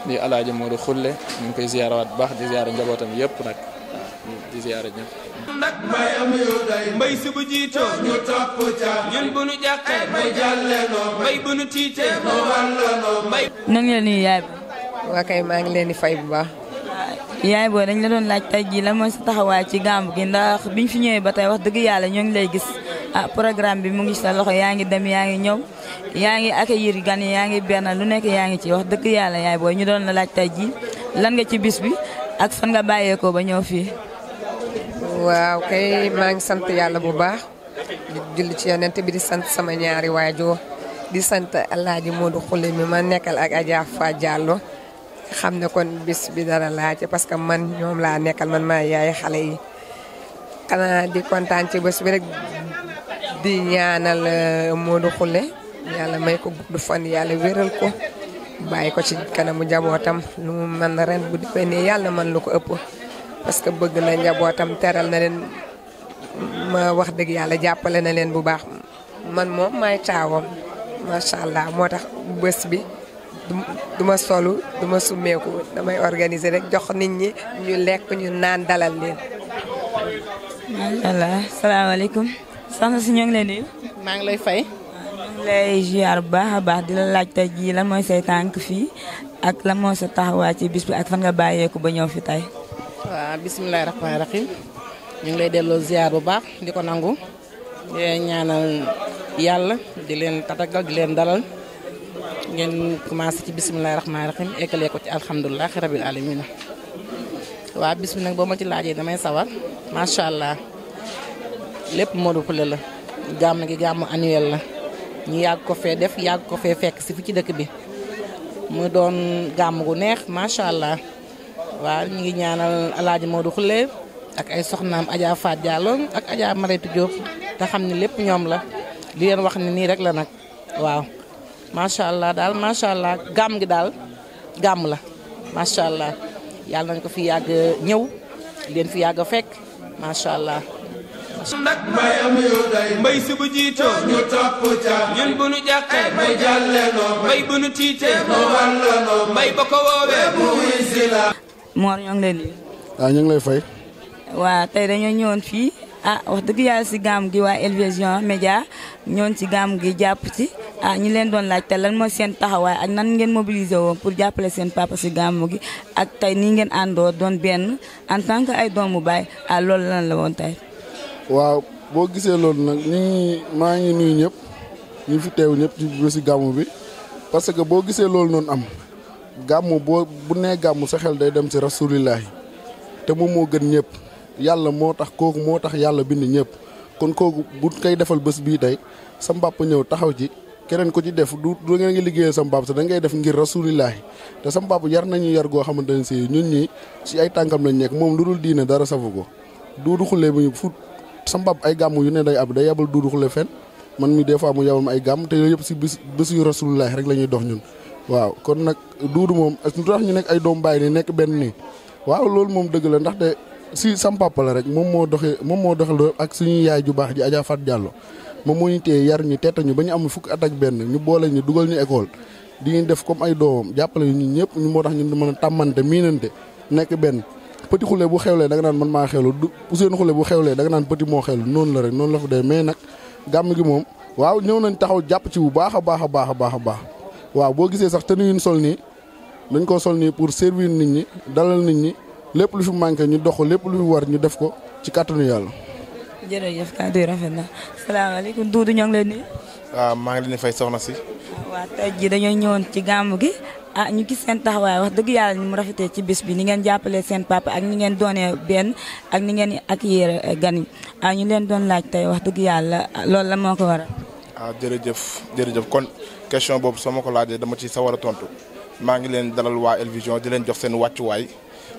di alaaji Modou Xulle ñu ngi koy ziyaarawaat bu baax di ziyaara njabootam yépp nag di ziyaara day mbay si bu ñu topp ca ñun bu nu jàqee mu bu nu tiitee mu wàll noo mbay nan yaay bi waa kay maa ngi leen di fay bu baax yaay boo dañ la doon laaj tay ji la moy sa taxawa ci gamb gi ndax biñ fi ñëwé ba tey wax dëgg yaalla ñu ngi lay gis ah programme bi mu ngi sa loxo yaangi dem yaangi ngi ñëw yaa accueillir gan yaangi ben lu nekk yaangi ci wax dëgg yaalla yaay ñu doon la laaj tay ji lan nga ci bis bi ak fan nga ko ba ñëw fi waaw kay ma ngi sant yaalla bu baax di julli ci yonent bi di sant sama ñaari waajur di sant Modou khulemi ma nekkal ak Adja Fa Diallo. xam ne kon bis bi dara laaj parce que man ñoom laa nekkal man maa yaay xale yi xanaa di kontaan ci bés bi rek di ñaanal euh, Modou Khoule yàlla may ko gudd fan yàlla wéral ko bàyyi ko ci kanamu njabootam lu mu mën ren bu defee ne yàlla man lu ko ëpp parce que bëgg na njabootam teral na leen ma wax dëgg yàlla jàppale na leen bu baax man moom maay taawam macha allah moo tax bës bi. duma solu duma summeeku damay organiser rek jox nit ñi ñu lek ñu naan dalal leen machallah salaamaaleykum soxna si ñoo ngi lay nuyu ma ngi lay fay lay jiar bu baax di la laaj tay ji lan moy say tank fi ak lan mo sa taxwa ci bisbu ak fan nga ko ba ñëw fi tay wa bismillahir rahmanir rahim ñu ngi lay delo ziar bu baax diko nangu ñaanal yalla di leen tatagal di leen dalal ngeen commencé ci bisimilah rahmaani rahim ekkalee ko ci alhamdulilah rabil alamina waaw bis bi nag boo ma ci laajee damay sawar macha allah lépp Modou Coulé la gàmm gi gàmm annuel la ñu yàgg ko fee def yàgg ko fee fekk si fi ci dëkk bi mu doon gàmm gu neex macha allah waaw ñu ngi ñaanal alaaji Modou Coulé ak ay soxnaam Adja Fat Diallo ak Adja Marietou Diop te xam ne lépp ñoom la li leen wax ne nii rek la nag waaw. Masyaallah allah masyaallah gam allah gam gi dal gam la macha allah nañ ko fi yag ñew leen fi yag fek, masyaallah. allah day bu ah wax dëgg yàlla si gaam gi waa Elvision Média ñoon si gaam gi jàpp ci ah ñu leen doon laaj te lan mooy seen taxawaay ak nan ngeen mobiliser woon pour jàppale seen papa si gàmmu gi ak tey nii ngeen àndoo doon benn en tant que ay doomu baay ah loolu lan la woon tey. waaw boo gisee loolu nag ñu ngi maa ngi nuyu ñëpp ñu fi teew ñëpp ci bési gàmmu bi parce que boo gisee loolu noonu am gàmmu boo bu nee gàmmu sa xel day dem si rasulillahi te moom moo gën ñëpp. yàlla moo tax kooku moo tax yàlla bind ñëpp kon kooku bu koy defal bés bii tey sa mbàpp ñëw taxaw ci keneen ko ci def du du ngeen ngi liggéeyal sa mbàpp sax da ngay def ngir rasulillahi te sa mbàpp yar nañu yar goo xamante ne si ñun ñi si ay tànkam lañ nekk moom lu dul diine dara safu ko duudu xule bu ñu fu sa mbàpp ay gàmm yu ne day ab day yabal duudu xule fen man mi dee fois mu yabal ma ay gàmm te yooyu yëpp si bés bés yu rasulillahi rek la ñuy dox ñun waaw kon nag duudu moom lu ñu nekk ay doom bàyyi nekk benn nii si sam papa la rek mom mo doxé mom mo doxal ak suñu yaay ju bax ji Adja Fat Diallo mom moo ñu yar ñu tetta ñu bañu am amul fukki ben ñu bolé ñu duggal ñu école di ñu def comme ay doom jàppale ñu ñëpp ñu moo tax ñu mëna tamanté minanté nek ben petit xulé bu xewlé da nga naan man ma xewlu du seen xulé bu xewlé da nga naan petit mo xewlu non la rek non la fa dé mais nak gam gi mom waaw ñew nañ taxaw japp ci bu baaxa baaxa baaxa baaxa baax waaw bo gisé sax tenue ñu sol ni dañ ko sol ni pour servir nit ñi dalal nit ñi lepp lu fi manké ñu dox lepp lu war ñu def ko ci kàttanu yalla jere jef ka de rafetna salaamaaleykum alaykum dudu ñong leen ni waaw ah, ma ngi leen fay soxna ci wa tay ji dañoo ñewon ci gàmm gi ah ñu gis sen taxaway wax deug yalla ñu mu rafetee ci bis bi ni ngeen jappalé sen papa ak ni ngeen doonee ben ak ni ngeen ak yéer gani ah ñu leen doon laaj tay wax deug yalla lool la wara ah jere jef jere jef kon question bobu sama ko laajee dama ci sawara tontu ma ngi leen dalal wa Elvision di leen jox waccu way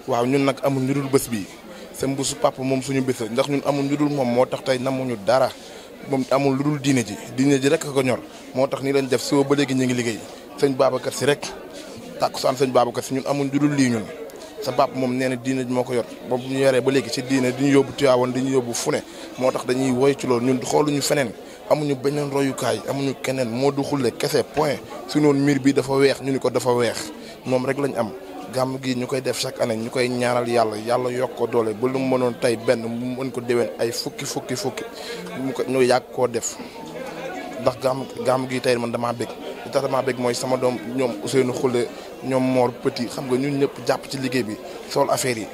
waaw ñun nag amul ñu dul bés bii sa bésu papa moom suñu bés la ndax ñun amul ñu dul moom moo tax tey namuñu dara moom amul lu dul diine ji diine ji rek ko ñor moo tax nii lañ def suba ba léegi ñu ngi liggéey sëñ Babacar si rek tàkkusaan sëñ Babacar si ñun amul ñu lii ñun sa papa moom nee na diine ji moo ko yor boobu ñu yoree ba léegi ci diine di ñu yóbbu Tiwaawan di ñu yóbbu fune moo tax dañuy woy ci loolu ñun xooluñu feneen amuñu beneen royukaay amuñu keneen moo du xulle kese point su noonu miir bi dafa weex ñu ni ko dafa weex moom rek lañ am gàmm gi ñu koy def chaque année ñu koy ñaanal yàlla yàlla yokk ko doole ba lu mu mënoon tey benn mu mën ko déwén ay fukki fukki fukki mu ko ñu yàgg koo def ndax gàmm gàmm gi tey man damaa bëgg li tax damaa bëgg mooy sama doom ñoom Ousseynou Khoule ñoom Mor Petit xam nga ñun ñëpp jàpp ci liggéey bi sol affaire yi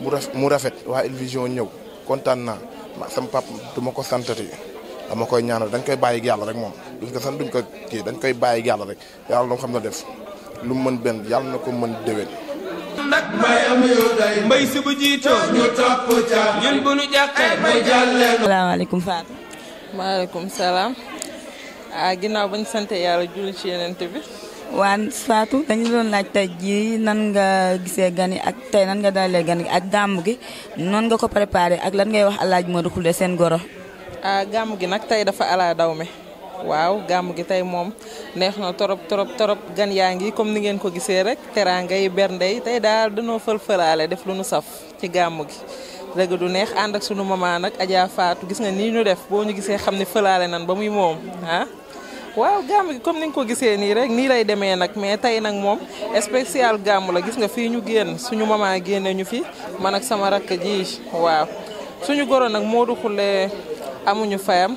mu rafet mu rafet waa Vision ñëw kontaan naa ma sama pap du ma ko santati dama koy ñaanal dañ koy bàyyi yàlla rek moom duñ ko sant duñ ko kii dañ koy bàyyi yàlla rek yàlla loo xam ne def lu mu mën benn yàlla na ko mën déwén nag mbayam yu day mbay si bu salaam ah, ginnaaw bañ sant yàlla julli ci yenent bi waa saatu dañu doon laaj tey jii nan nga gisee gan ak tey nan nga daalee gan ak gàmm gi noonu nga ko préparé ak lan ngay wax alaaj moo du xule seen goro ah gàmm gi nag tey dafa ala daw me waaw gamu gi tey moom neex na torop torop torop gan yaa ngi comme ni ngeen ko gisee rek teranga yi bernde yi tey daal dañoo fël-fëlaale def lu nu saf ci gàmm gi dëgg du neex ànd ak sunu mama nag Adja Fatou gis nga ni ñu def boo ñu gisee xam nan ba muy moom ah waaw gàmm gi comme ni nga ko gisee nii rek nii lay demee nag mais tey nag moom spécial gàmm la gis nga fii ñu génn suñu mama génne ñu fi man ak sama rakk ji waaw suñu goro nag moo du amuñu fayam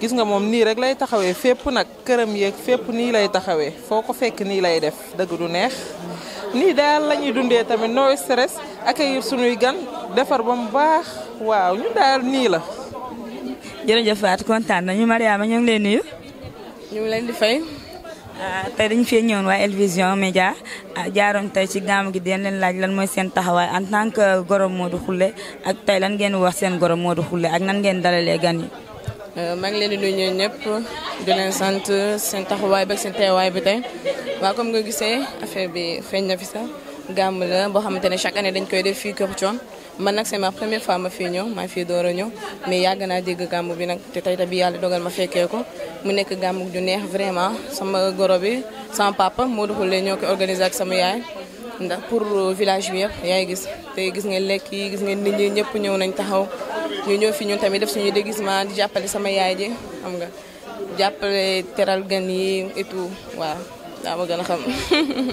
gis nga moom nii rek lay taxawee fépp nag këram yeeg fépp nii lay taxawee foo ko fekk nii lay def dëgg du neex nii daal la ñuy dundee tamit no stress accueillir suñuy gan defar ba mu baax waaw nii la. jërëjëf Fatou kontaan nañu Mariama ñu ngi lay nuyu. ñu ngi leen di fay. Ah, tey dañu fee ñëwoon waa Elvision Média ah, jaaroon tey ci gàmm gi deen leen laaj lan mooy seen taxawaay en tant que moo Modou xule ak tey lan ngeen wax seen goro Modou Khoule ak nan ngeen dalalee gan yi. Euh, maa ngi leen di nuyu ñëpp di leen sant seen taxawaay ba seen teewaay bi tey waaw comme nga gisee affaire bi feeñ na fi sax gàmm la boo xamante ne chaque année dañ koy def fii Kër Thione man nag c'est ma ma fii ñëw maa ngi fii door a bi nag te tey ta bi yàlla dogal ma mu nekk gàmm ju neex vraiment sama goro bi sama papa moo doxul ñoo koy organisé ak sama yaay ndax pour village bi yëpp yaay gis te gis ngeen lekk yi gis ngeen nit ñi ñëpp ñëw nañ taxaw ñu ñëw fi ñun tamit def suñu déguisement di jàppale sama yaay ji xam nga jàppale teral gan yi et tout daa ma gën xam.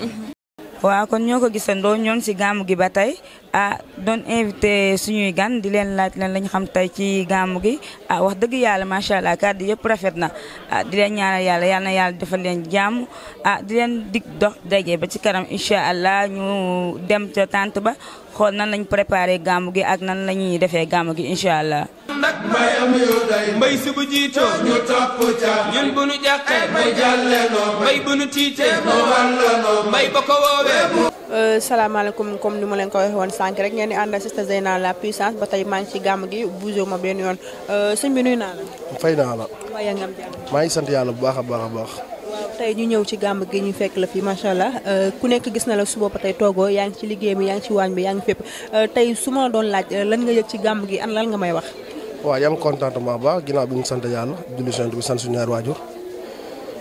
<laughs> waaw kon ñoo ko gisandoo ñoom si gàmmu gi ba tey a ah, doon invité suñuy gan di leen laaj leen lañ xam tey ci gàmmu gi ah, wax dëgg yàlla macha allah kàddu yëpp rafet na ah di leen ñaanal yàlla yal na yàlla defal leen jàmm ah di leen dig dox daje ba ci kanam incha allah ñu dem ca tànt ba xool nan lañ préparé gàmmu gi ak nan la ñuy defee gàmmu gi incha allah. nag bu jiitoo ñu topp bu nu jàqee mu bu nu tiitee Euh, salaamaaleykum comme ni ma leen ko waxee woon sànq rek ngeen ni ànd ak Sister Zeyna la puissance ba tey maa ngi ci gàmm gi bougé ma benn yoon euh, sëñ bi nuyu naa la. fay naa la. waaye ngam jàmm. sant yàlla bu baax a baax a baax. tey ñu ñëw ci gàmm gi ñu fekk la fi macha allah euh, ku nekk gis na la suba ba tey toogoo yaa ngi ci liggéey bi yaa ngi ci waañ bi yaa ngi fépp tey su ma doon laaj lan nga yëg ci gàmm gi an lan nga may wax. waaw yam contentement baax ginnaaw bi ñu sant yàlla julli sant bi sant suñu ñaari waajur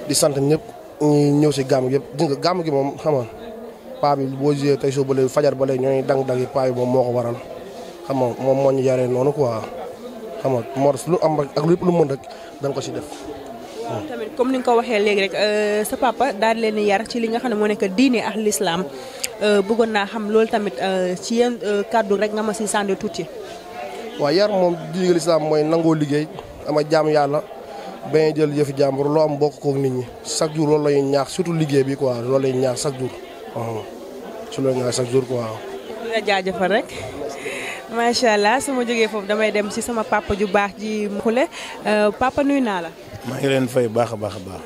di sant ñëpp ñëw ci gàmm yëpp gàmm gi moom xam pabi bi boo gisee tey fajar ba ñoy dang-dang pabi mom moko waral xam nga mom moo ñu yaree quoi xam nga mor lu am ak lepp lu mënd rek dang ko ci def. tamit comme ni nga ko waxee rek euh, sa papa daal leen yar ci li nga xamné mo nek diiné diine ak euh bëggon na xam lool tamit euh, ci yeen cadeau euh, rek nga ma si sànni tuuti. wa yar mom diine islam moy nango liggéey ama jaam yalla bañ jël yëfi jàmbur loo am bokk ko nit ñi chaque jour lool lay ñaax surtout liggéey bi quoi lool lay ñaax chaque jour. su loolu nga chaque jour quoi. di la jaajëfal rek macha allah su ma jógee foofu damay dem ci sama papa ju baax ji Khoule euh, papa nuyu naa la. maa ngi leen fay baax a baax a baax.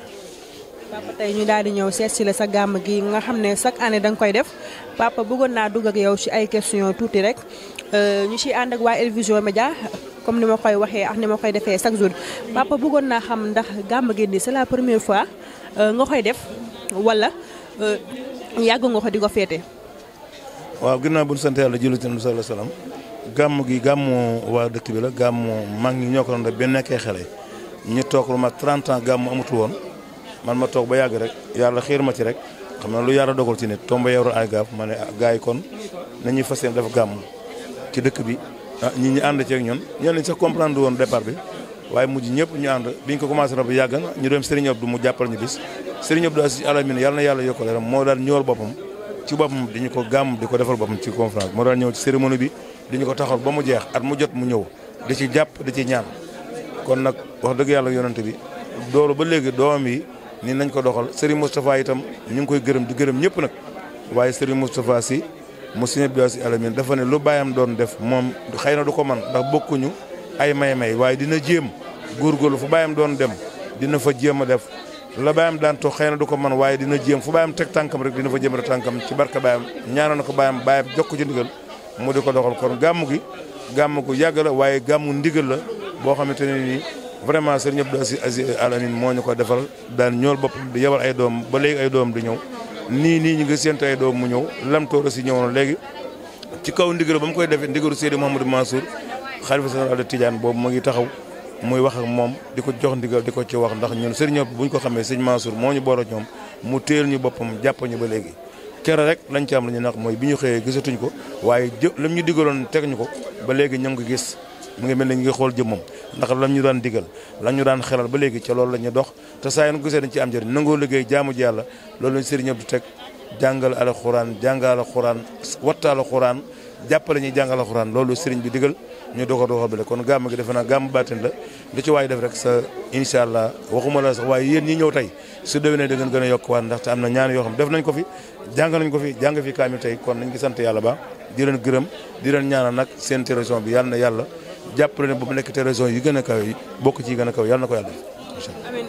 papa tey ñu daal di ñëw seet si la sa gàmm gi nga xam ne chaque année danga koy def papa bëggoon naa dugg yow ci ay question tuuti rek euh, ñu ciy ànd ak waa El Média comme ni ma koy waxee ak ni ma koy defee chaque jour papa bëggoon naa xam ndax gàmm gi nii c'est la première fois euh, nga koy def wala. yàgg nga di ko féete. waaw naa bu ñu sant yàlla jullit nañu salaam gàmm gi gàmmu waa dëkk bi la gàmmu mag ñi ñoo ko doon def ba nekkee xale ñu toog lu ma trent ans gàmmu amatu woon man ma toog ba yàgg rek yàlla xiir ma ci rek xam na lu yàlla dogal ci nit tomba yorul ay gaaf ma ne ah, gars yi kon nañuy fas yéene dafa gàmm ci dëkk bi ah ñi ñu ànd ceeg ñun ñoo leen sax comprendre woon depar bi waaye mujj ñëpp ñu ànd biñ ko commencé na bu yàgg na ñu dem Serigne Abdou mu jàppal ñu bis Serigne Abdou Aziz Alamine yàlla na yàlla yokk leeram moo daan ñëwal boppam ci boppam dañu ko gàmm di ko defal boppam ci conférence moo daan ñëw ci cérémonie bi dañu ko taxaw ba mu jeex at mu jot mu ñëw da ci jàpp da ci ñaan kon nag wax dëgg yàlla yonante bi doolu ba léegi doom yi ni nañ ko doxal Serigne Moustapha itam ñu ngi koy gërëm di gërëm ñëpp nag waaye Serigne Moustapha si mu Serigne Abdou Aziz Alamine dafa ne lu baayam doon def moom xëy na du ko man ndax bokkuñu ay maymay waaye dina jéem góorgóorlu fu bàyyam doon dem dina fa jéem a def la baayam daan toog xëy na du ko man waaye dina jéem fu baayam teg tànkam rek dina fa jëmale tànkam ci barka baayam ñaanal na ko baayam baayam jokk ci ndigal mu di ko doxal kon gàmm gi gàmm gu yàgg waaye gàmmu ndigal la boo xamante ne nii vraiment sëriñ Abdou Aziz Al Amine moo ñu ko defal daan ñool boppam di yebal ay doom ba léegi ay doom du ñëw nii nii ñu ngi séntu ay doom mu ñëw lam toora si ñëw na léegi ci kaw ndigal ba mu koy defee ndigalu Seydi Mouhamadou Mansour xalifa général de Tidiane boobu mu ngi taxaw mooy wax moom di ko jox ndigal di ko ci wax ndax ñun sëriñ bu ñu ko xamee sëñ Mansour moo ñu boor ñoom mu téel ñu boppam jàpp ñu ba léegi kere rek lañ ci am la ñu nax mooy bi ñu xëyee gisatuñ ko waaye jë lam ñu digaloon teg ñu ko ba léegi ñu ngi ko gis mu ngi mel ni ñu ngi xool jëmmam ndax lam ñu daan digal lan ñu daan xelal ba léegi ca loolu la ñu dox te saa yéen gisee dañ am jëriñ nangoo liggéey jaamu ji lañ sëriñ du teg jàngal alxuraan jàngal alxuraan wattaal alxuraan jàppale ñuy jàngal alxuraan loolu sëriñ bi digal ñu doog a doog a bële kon gàmm gi defe naa gàmm baatin la lu ci waay def rek sa waxuma la sax waaye yéen ñi ñëw tey su déwénee da ngeen gën a yokkuwaat ndaxte am na nañ ko fi jàng nañ ko fi kaamil tey kon nañ ko yàlla ba di leen gërëm di leen ñaanal nag seen télévision bi yàlla na yàlla jàppale ne bu mu nekk télévision yi gën a kaw a yàlla na ko yàlla def.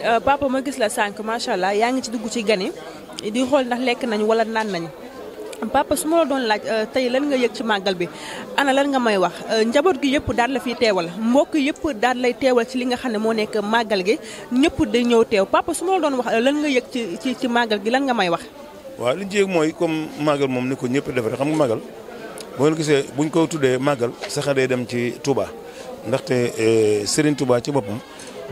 Euh, ma gis la sànq macha allah ci dugg ci gan di xool ndax lekk nañ wala naan nañ papa su ma la doon laaj euh, tey lan nga yëg ci màggal bi ana lan nga may wax euh, njaboot gi yëpp daal la fiy teewal mbokk yëpp daal lay teewal ci li nga xam ne moo nekk màggal gi ñëpp day ñëw teew papa su ma la doon wax lan nga yëg ci ci ci gi lan nga may wax. waa li ñu mooy comme màggal moom ni ko ñëpp def rek xam nga magal boo leen gisee buñ ko tuddee màggal sax day dem ci Touba ndaxte euh, Serigne tubaa ci boppam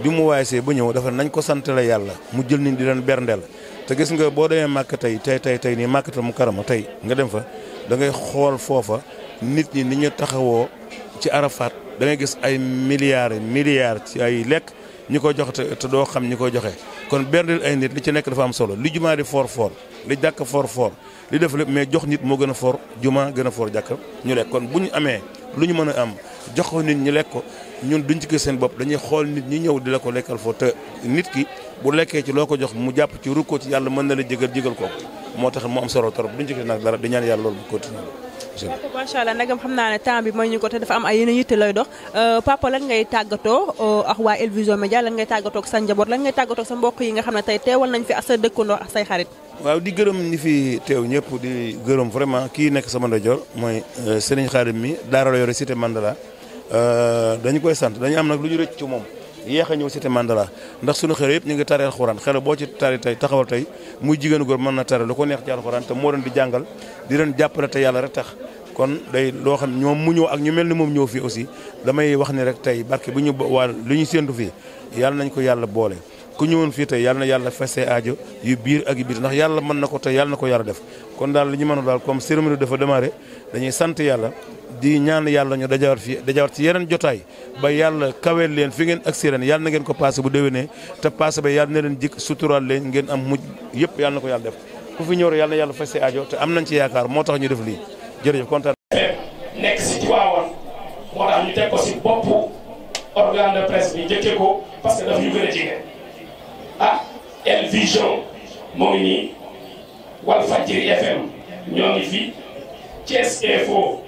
bi mu see ba ñëw dafa nañ ko sant yàlla mu jël nit di leen berndeel. te gis nga boo demee màkk tey tey tey tey nii màkkatal mu karama tey nga dem fa da ngay xool foofa nit ñi ni ñu taxawoo ci Arafat da gis ay milliards milliards ci ay lekk ñi ko jox te doo xam ñi ko joxe kon berndeel ay nit li ci nekk dafa am solo li jumaa di for for li jàkk foor for li def lépp mais jox nit moo gën a foor jumaa gën a foor jàkk ñu lekk kon bu ñu amee lu ñu mën a am jox nit ñu lekk ko ñun duñ ci gis seen bopp dañuy xool nit ñi ñëw di ko lekkal foo nit ki bu lekkee ci loo ko jox mu jàpp ci rukkoo ci yàlla mën na la jégal jégal kooku moo tax mu am solo torop duñ jëkkati nag dara di ñaan yàlla loolu bu continuer xam naa ne bi may ñu ko te dafa am ay yeneen yitte lay dox euh, papa lan ngay tàggatoo euh, ak waa El Vision Médias lan tàggatoo ak sa njaboot lan ngay tàggatoo sa mbokk yi nga xam ne tey teewal nañ fi ak sa dëkkandoo ak say xarit waaw di gërëm ñi fi teew ñëpp di gërëm vraiment kii nekk sama ndeyjoor mooy euh, Serigne Xaadim mi daara la yore cité Mandela dañu koy sant dañu am nag lu ñu rëcc ci moom yéex a ñëw cité Mandela ndax sunu xel yëpp ñu ngi tari alxuraan xel boo ci tari tey taxawal tey muy jigéenu góor mën na tari lu ko neex ci alxuraan te moo doon di jàngal di leen jàppale te yàlla rek tax kon day loo xam ñoom mu ñëw ak ñu mel ni moom ñëw fii aussi damay wax ni rek tey barke bu ñu waa lu ñu séentu fii yàlla nañ ko yàlla boole ku ñëwoon fii tey yàlla na yàlla fese aajo yu biir ak yu biir yàlla mën na ko tey yàlla na ko yàlla def kon daal li ñu mënul daal comme cérémonie dafa démarré dañuy sant yàlla di ñaan yàlla ñu dajawaat fi dajawaat ci yeneen jotaay ba yàlla kaweel leen fi ngeen agsi ren yàlla na ngeen ko passé bu ne te passé ba yàlla na leen jik suturaal leen ngeen am mujj yëpp yàlla na ko yàlla def ku fi ñëw yàlla yàlla fas see aajo te am nañ moo tax ñu def lii jërëjëf kontaan. Eh, nekk si teg ko si boppu organe de presse bi njëkkee ko parce que daf ñu gën a jege ah El Vision moo ngi nii Walfadjri FM ñoo ngi fi Thiès Info.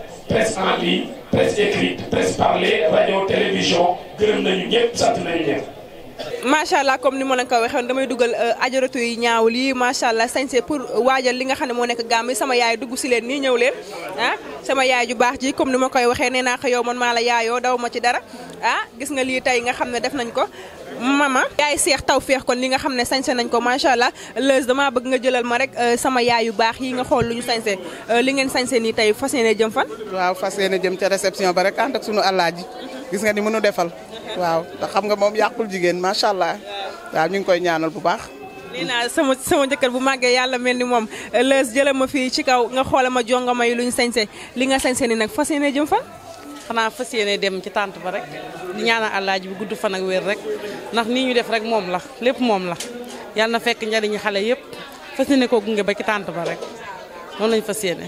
presse en ligne presse rajo télévision gërëm nañu ñëpp sant nañu ñëpp. macha allah comme ni ma leen ko waxee damay dugal euh, ajaratu yi ñaaw lii macha allah sañse pour waajal li nga xam ne moo nekk gàmm sama yaay dugg si leen nii ñëw leen ah sama yaay ju baax ji comme ni ma koy waxee nee naa ko yow man maa la yaayoo daw ma ci dara ah gis nga lii tey nga xam ne def nañ ko. mama yaay seex taw feex kon li nga xam ne sañse nañ ko macha allah Leuz damaa bëgg nga jëlal ma rek euh, sama yaay yu baax yi nga xool lu ñu sañse euh, li ngeen sañse nii tey fas yéene jëm fan. waaw fas yéene jëm ca réception ba rek ànd ak sunu alaaji gis nga ni mënu defal. waaw xam nga moom yàqul jigéen macha allah waaw ñu ngi koy ñaanal bu baax. nee sama sama jëkkër bu màggee yàlla mel ni moom euh, Leuz jëlal ma fii ci kaw nga xoolal ma jongama yi lu ñu sañse li nga sañse nii nag fas yéene jëm fan. xanaa fas yéene dem ci tànt ba rek di ñaanal alaaj bi gudd fan ak wér rek ndax nii ñu def rek moom la lépp moom la yàlla na fekk njariñu xale yëpp fas yéene ko gunge ba ci tànt ba rek noonu lañ fas yéene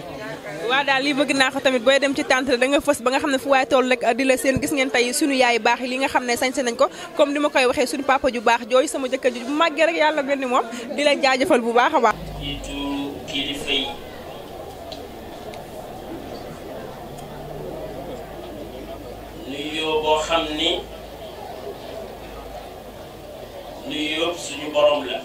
waaw daal lii bëgg naa ko tamit booy dem ci tànt da nga fës ba nga xam ne fu waaye toll rek di la seen gis ngeen tey sunu yaay baax yi li nga xam ne sañse nañ ko comme ni ma koy waxee suñu papa ju baax jooju sama jëkkër ju bu màggee rek yàlla mel ni di la jaajëfal bu baax a baax nuyoo boo xam ni nuyoo suñu borom la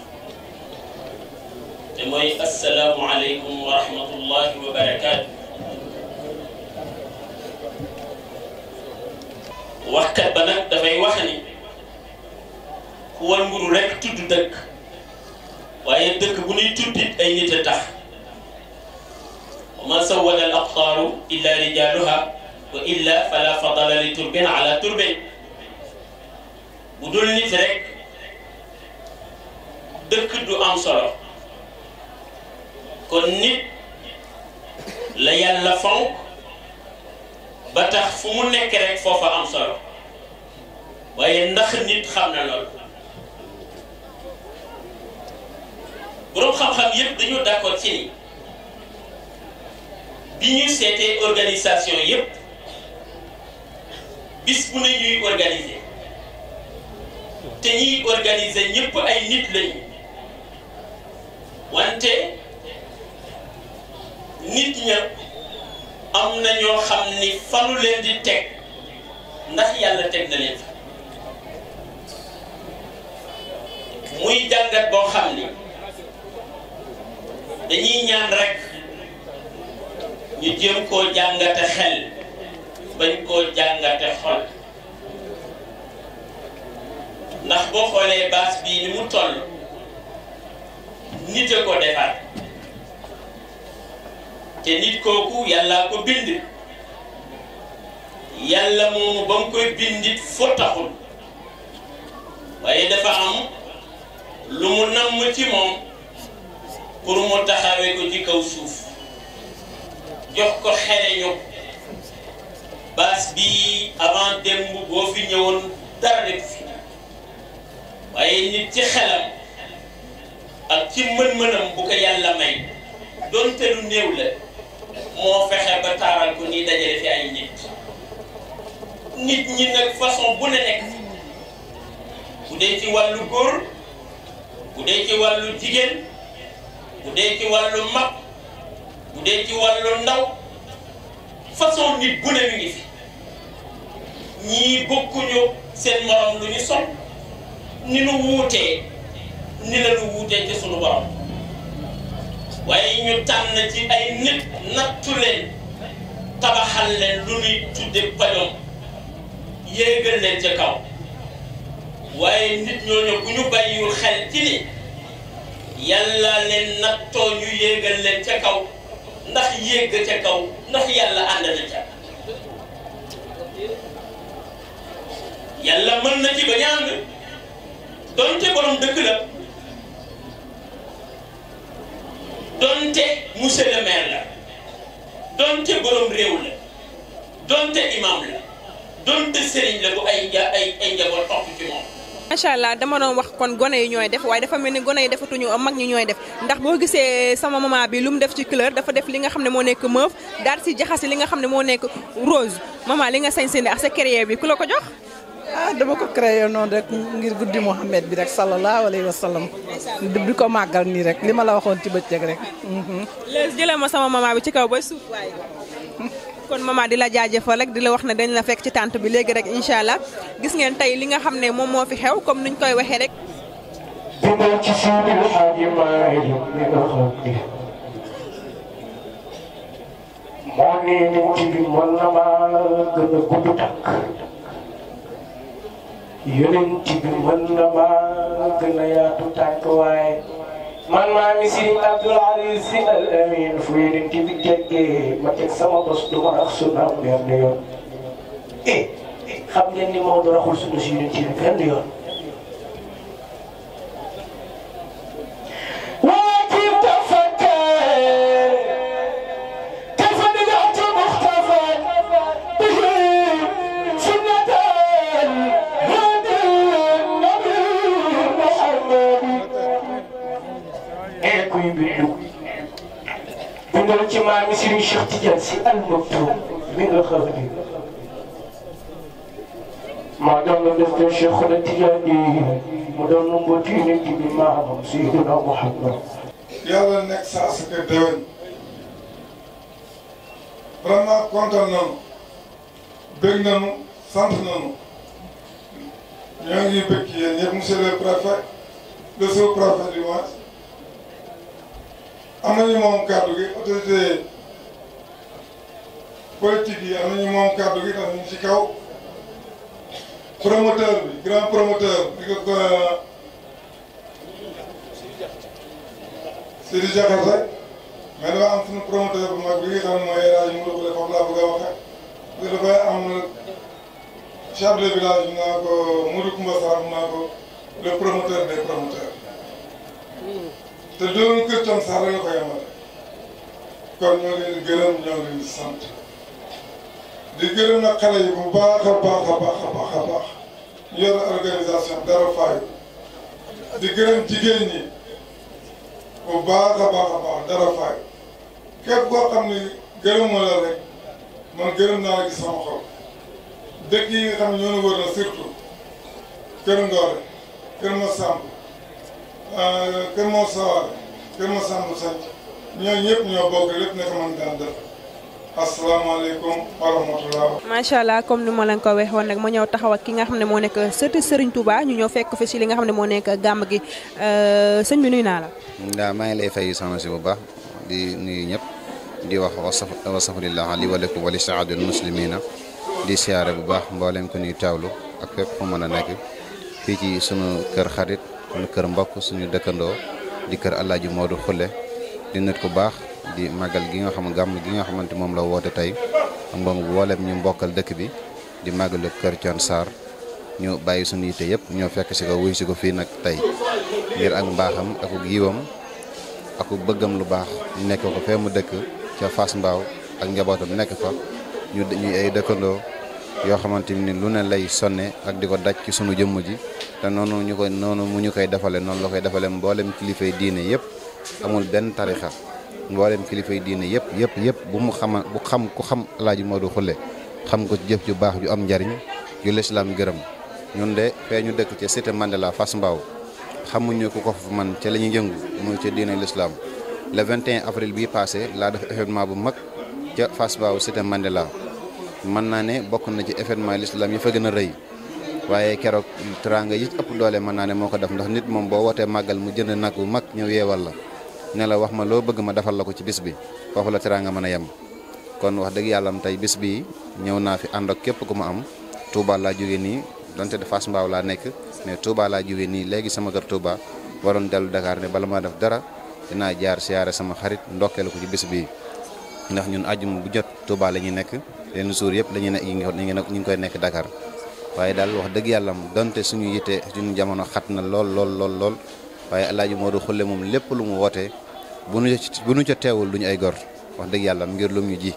te mooy assalaamu aleykum wa rahmatullahi wa barakaatu waxkat ba nag dafay wax ni ku war nguru rekk tudd dëkk waaye dëkk bu nuy tuddit ay nit a tax wa ma sawwala al aqtaaru illa rijaaluha وإلا فلا فضل لترب على ترب bu dul nit rek dëkk du am solo kon nit la yàlla fonk ba tax fu mu nekk rek foofa am solo waaye ndax nit xam na loolu boroom xam-xam yépp dañu d'accord ci ni bi ñu seetee organisation yépp bis bu ne ñuy organiser te ñiy organiser ñëpp ay nit lañu wante nit ña am na ñoo xam ni fanu leen di teg ndax yàlla teg na leen fa muy jàngat boo xam ni dañuy ñaan rek ñu jéem koo jàngate xel bañ koo jàngate xol ndax boo xoolee baas bii ni mu toll nit a ko defar te nit kooku yàlla ko bind yàlla moomu ba mu koy bindit fo taxul waaye dafa am lu mu namm ci moom pour mu taxawee ko ci kaw suuf jox ko xereñu baas bi avant démb boo fi ñëwoon dara nekk fi waaye nit ci xelam ak ci mën-mënam bu ko yàlla may doonte néew la moo fexe ba taaral ko nii dajale fi ay nit nit ñi nag façon bu ne nekk bu dee ci wàllu góor bu dee ci wàllu jigéen bu dee ci wàllu mag bu dee ci wàllu ndaw façon nit bu ne mi ngi fi ñii bokkuñu seen morom lu ñu sol ni nu wuutee ni la nu wuutee ci sunu borom waaye ñu tànn ci ay nit nattu leen tabaxal leen lu ñuy tudde pañoom yéegal leen ca kaw waaye nit ñooñu bu ñu bàyyiwul xel ci ni yàlla leen nattoo ñu yéegal leen ca kaw ndax yéeg ca kaw ndax yàlla ànd ca yàlla mën na ci ba ñaan donte borom dëkk la donte monsieur le maire la donte borom réew la donte imam la donte sëriñ la bu ay ay ay njaboot topp ci moom. macha allah dama doon wax kon gone yi ñooy def waaye dafa mel ni gone yi defatuñu mag ñi ñooy def ndax boo gisee sama maman bi lu mu def ci couleur dafa def li nga xam ne moo nekk meuf daal si jaxasi li nga xam ne moo nekk rose maman li nga sañ seen ak sa créer bi ku la ko jox. ah dama ko créé noonu rek ngir guddi Mouhamed bi rek sallallahu alayhi wa sallam di ko màggal nii rek li ma la waxoon ci bëccëg rek. Mhm. léegi jëlee ma sama maman bi ci kaw ba suuf waaye. kon maman di la jaajëfal rek di la wax ne dañ la fekk ci tànt bi léegi rek incha allah gis ngeen tey li nga xam ne moom moo fi xew comme nuñ koy waxee rek. yonent bi mën na maa gën a yaatu tànk waaye man maa ngi Serigne Abdoul Aziz Sy Al Amine fu yonent bi jéggee ma teg sama bos du ma ak sunu am benn yoon eh, eh xam ngeen ni Maodo raxul sunu si yonent bi benn yoon. bindu bindal ci maami Serigne Cheikh Tidiane si al maktoum bindal xar bi maa doon la def de Cheikhuna Tidiane mu doon nu mbooti nit bi maamam Seydina Muhammad yàlla nekk saa su ko déwén vraiment kontaan nañu bëgg nañu sant nañu ñoo ngi bëgg yéen yëpp monsieur le préfet le sous-préfet du moins am nañu moom kàddu gi autorité politique yi am moom kàddu gi ndax ñu ci kaw promoteur bi grand promoteur di ko euh, Sidi Diakhaté rek mais dafa am suñu promoteur bu mag bi nga xam mooy rajo mu dugg foofu laa bëgg a waxee parce que dafay am chef de village bi naa ko Modou Koumba Sarr naa ko le promoteur des promoteurs. te doon kër tam sax la ñu ko yemale kon ñoo ngi leen gërëm ñoo ngi leen di gërëm nag xale yi bu baax a baax a baax a baax a organisation dara faayu di gërëm jigéen ñi bu baax a baax dara faayu képp koo xam ne gërëm ma la rek man gërëm naa la ci sama xol dëkk yi nga xam ne ñoo ñu wër na surtout Kër Ngor Kër Euh, kër moo sawar kër moo sàmm sant ñooñu ñëpp ñoo bokk lépp man daan def asalaamaaleykum wa rahmatulah. macha allah comme ni ma leen ko waxoon nag ma ñëw taxaw ak ki nga xam ne moo nekk sëti Serigne Touba ñu ñëw fekk fi si li nga xam ne moo nekk gàmm gi euh, sëñ bi nuyu naa la. waaw maa ngi lay fay soxna si bu baax di nuyu ñëpp di wax wasafalillah li walakum wali saadul muslimina di siyaare bu baax mbooleem ko nuy taawlu ak fépp fu mën a nekk fii ci sunu kër xarit suñu kër mbokk suñu dëkkandoo di kër moo Modou Khoule di nit ku baax di màggal gi nga xam gàmm gi nga xamante moom la woote tey moom wooleem ñu mbokkal dëkk bi di màggalu kër Thione Sarr ñu bàyyi suñu yitte yëpp ñoo fekk si ko wuy si ko fii nag tey ngir ak mbaaxam ak giiwam ak bëggam lu baax nekk ko fee mu dëkk ca fas Mbao ak njabootam nekk fa ñu ñuy ay dëkkandoo yoo xamante ni lu ne lay sonne ak di ko daj ci sunu jëmm ji te noonu ñu koy noonu mu ñu koy defale noonu la koy defale mboolem kilifay diine yëpp amul benn tarixa mboolem kilifay diine yëpp yëpp yëpp bu mu xama bu xam ku xam alaaji Modou Khoule xam ko jëf ju baax ju am njariñ ju lislaam gërëm ñun de fee ñu dëkk ca cité Mandela Fass Mbao xamuñu ku ko fa man ca la ñuy yëngu muy ca diine lislaam le 21 avril bii passé laa def événement bu mag ca Fass Mbao cité Mandela mën naa ne bokk na ci événement lislaam yi fa gën a rëy waye kérok teranga yi ëpp doole man naa ne moo def ndax nit mom bo wootee magal mu jënd nak bu mag ñëw yéwal la ne la wax ma lo bëgg ma defal la ko ci bis bi foofu la teranga mëna yam kon wax dëgg yalla am tay bis bi ñëw na fi képp ku ma am Touba la jogé ni donte de fas mbaw la nekk mais Touba la jogé ni légui sama kër Touba waron dellu Dakar ne bala ma def dara dina jaar siara sama xarit ndokkel ko ci bis bi ndax ñun aljum bu jot Touba la nek nekk leen ne ngi koy Dakar waaye daal wax dëgg yàlla donte suñu yite suñu jamono xat na lool lool lool lool waaye alaaji Modou Khoule moom lépp lu mu wootee bu nu bu nu ca teewul duñu ay gor wax dëgg yàlla ngir lum ñu ji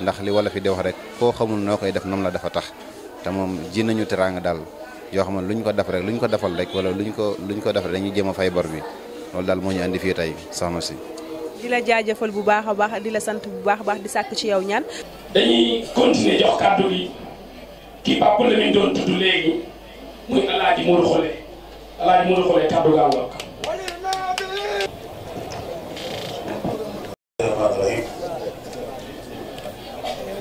ndax li wala fi di wax rek koo xamul noo koy def noonu la dafa tax te moom ji nañu teraanga daal yoo xam ne lu ko def rek lu ko defal rek wala lu ko lu ñu ko def rek dañuy jéem a fay bor bi loolu daal moo ñu andi fii tey soxna si. di la jaajëfal bu baax a baax di la ki Papa Lamine doon tudd léegi muy El Hadj Modou Xole El Hadj Modou Xole kàddu gaa ngoog.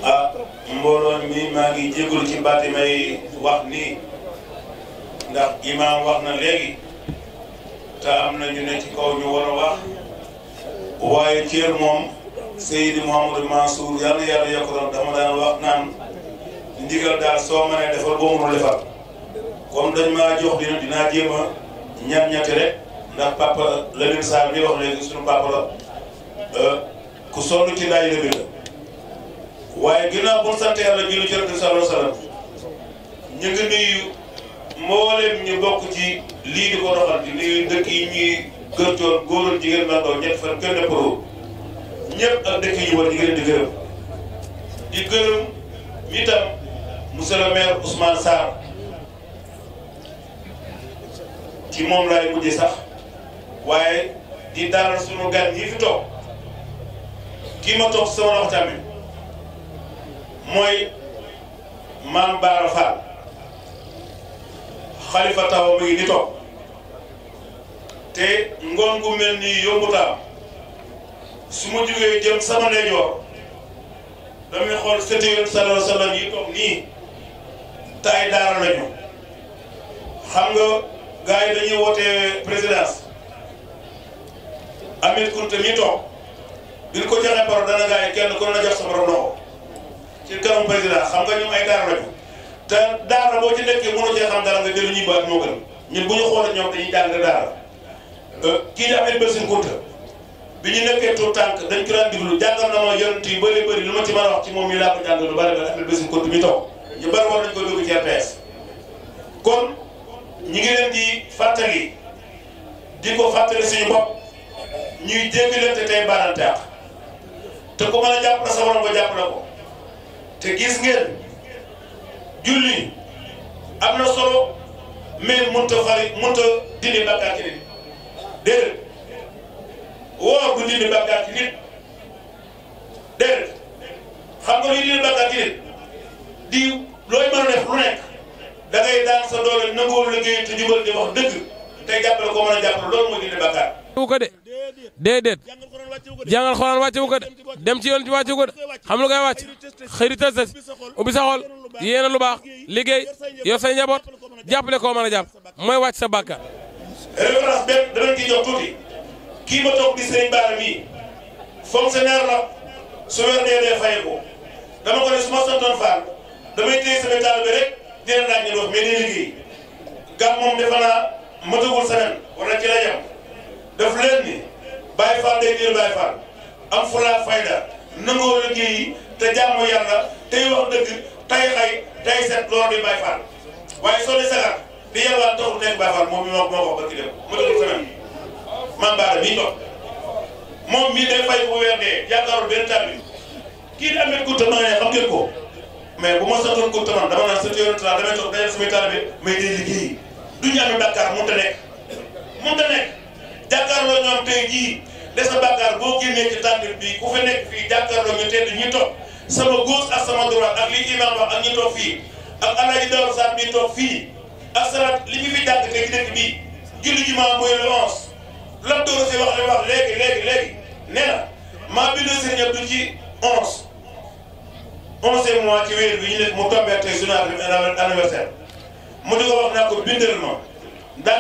ah mbooloo mi maa ngi jégalu ci baat yi may wax nii ndax imaam wax na léegi te am na ñu ne ci kaw ñu war a wax waaye Thiel moom Seydi Mouhamadou Mansour yàlla yàlla yokk dama daan wax naan. ndigal daal soo mënee defal boo mënul defal comme dañ maa jox dina dinaa jéem a ñam ñetti rek ndax papa Lamine Sall mi wax léegi suñu papa euh, ku sonn ci daay bi la waaye ginnaaw bu sant yàlla julli ci Rasul sallallahu alayhi wasallam ñu ngi nuyu mboolem ñu bokk ci lii di ko doxal di nuyu dëkk yi ñuy gërtoon góoroon jigéen mag ak ñett fan kenn nekkul ñëpp ak dëkk yi ñu ngi leen di gërëm di gërëm itam. monsieur le maire Ousmane moom laay mujj sax waaye di dalal sunu gan ñi fi toog kii ma toog sama loxo tamit mooy maam Baara Fall xalifa taw mi ngi di toog te ngoon gu mel nii yombutaa su ma jógee jëm sama ndeyjoor damay xool sëti yoon sallallahu alayhi wa sallam yi toog nii. te ay daara lañu xam nga gars yi dañuy woote présidence Amith Kounta mi toog bi ko joxee parole dana gars kenn ko na la jox sa borom ci kanam président xam nga ñoom ay daara lañu te daara boo ci nekkee mënoo cee xam dara nga dellu ñuy baat moo gën ñun bu ñu xoolee ñoom dañuy jàng daara euh, kii di Amith Bassin Kounta bi ñu nekkee tuut tànk dañ ko daan diglu jàngal na ma yonent yu bëri bëri lu ma ci mën a wax ci moom mi laa ko jàngal lu bëri bëri Amith Bassin ñu bari war nañ ko dugg ci RTS kon ñi ngi leen di fàttali di ko fàttali suñu bopp ñuy jéggalante tey baalante ak te ku mën a jàpp na sa borom ba jàpp na te gis ngeen julli am na solo mais mënut a fari mënut a dindi bàkkaar ci nit woor bu dindi bàkkaar ci nit déedéet xam nga dindi bàkkaar ci di looy mën a def lu nekk da ngay daan sa doole nangoo liggéey te jubal di wax dëgg te jàppale ko mën a jàppale loolu moo dindi bàkkaar. wu ko de déedéet jàngal xoraan wàcce wu ko dem ci yoon ci wàcce wu ko de xam lu koy wàcc xëy na tës ubbi sa xol yéena lu baax liggéey yor say njaboot jàppale koo mën a jàpp mooy wàcc sa bàkkaar. référence benn danañ ci jox tuuti kii ma toog di Serigne Bara mii fonctionnaire la su weer dee dee fay ko dama damay téye sama bi rek dina naaj ñu dox mais day liggéey gàmm moom defe naa matagul semaine wala ci la yem daf leen ni Baye Fall day jël Baye Fall am fulaa fayda nangoo liggéey te jaamu yàlla tey wax dëgg tay xay tay set loolu di Baye Fall waaye soo dee sagar di yàlla taxul nekk Baye Fall moom mi moo moo ko bëgg dem matagul semaine maam Baara mii toog moom mii day fay bu weer dee yaakaarul benn taal bi kii di amee guddi xam ngeen ko. mais bu ma sëtoon ko tamam dama naan sëti yonent laa damay toog dajal samay taalibe may day liggéey duñu amee bàkkaar mënut a nekk mënut a nekk jàkkaarloo ñoom tey jii de sa bàkkaar boo génnee ci tàndir bi ku fa nekk fii jàkkaarloo ñu tedd ñi ma sama gauche ak sama droite ak li imam wax ak ñi fi jàng wax li wax léegi léegi léegi nee na maa bindoo sëriñ Abdou ci onze 11 you mois ci weer bi ñu nekk mu journal anniversaire di wax ma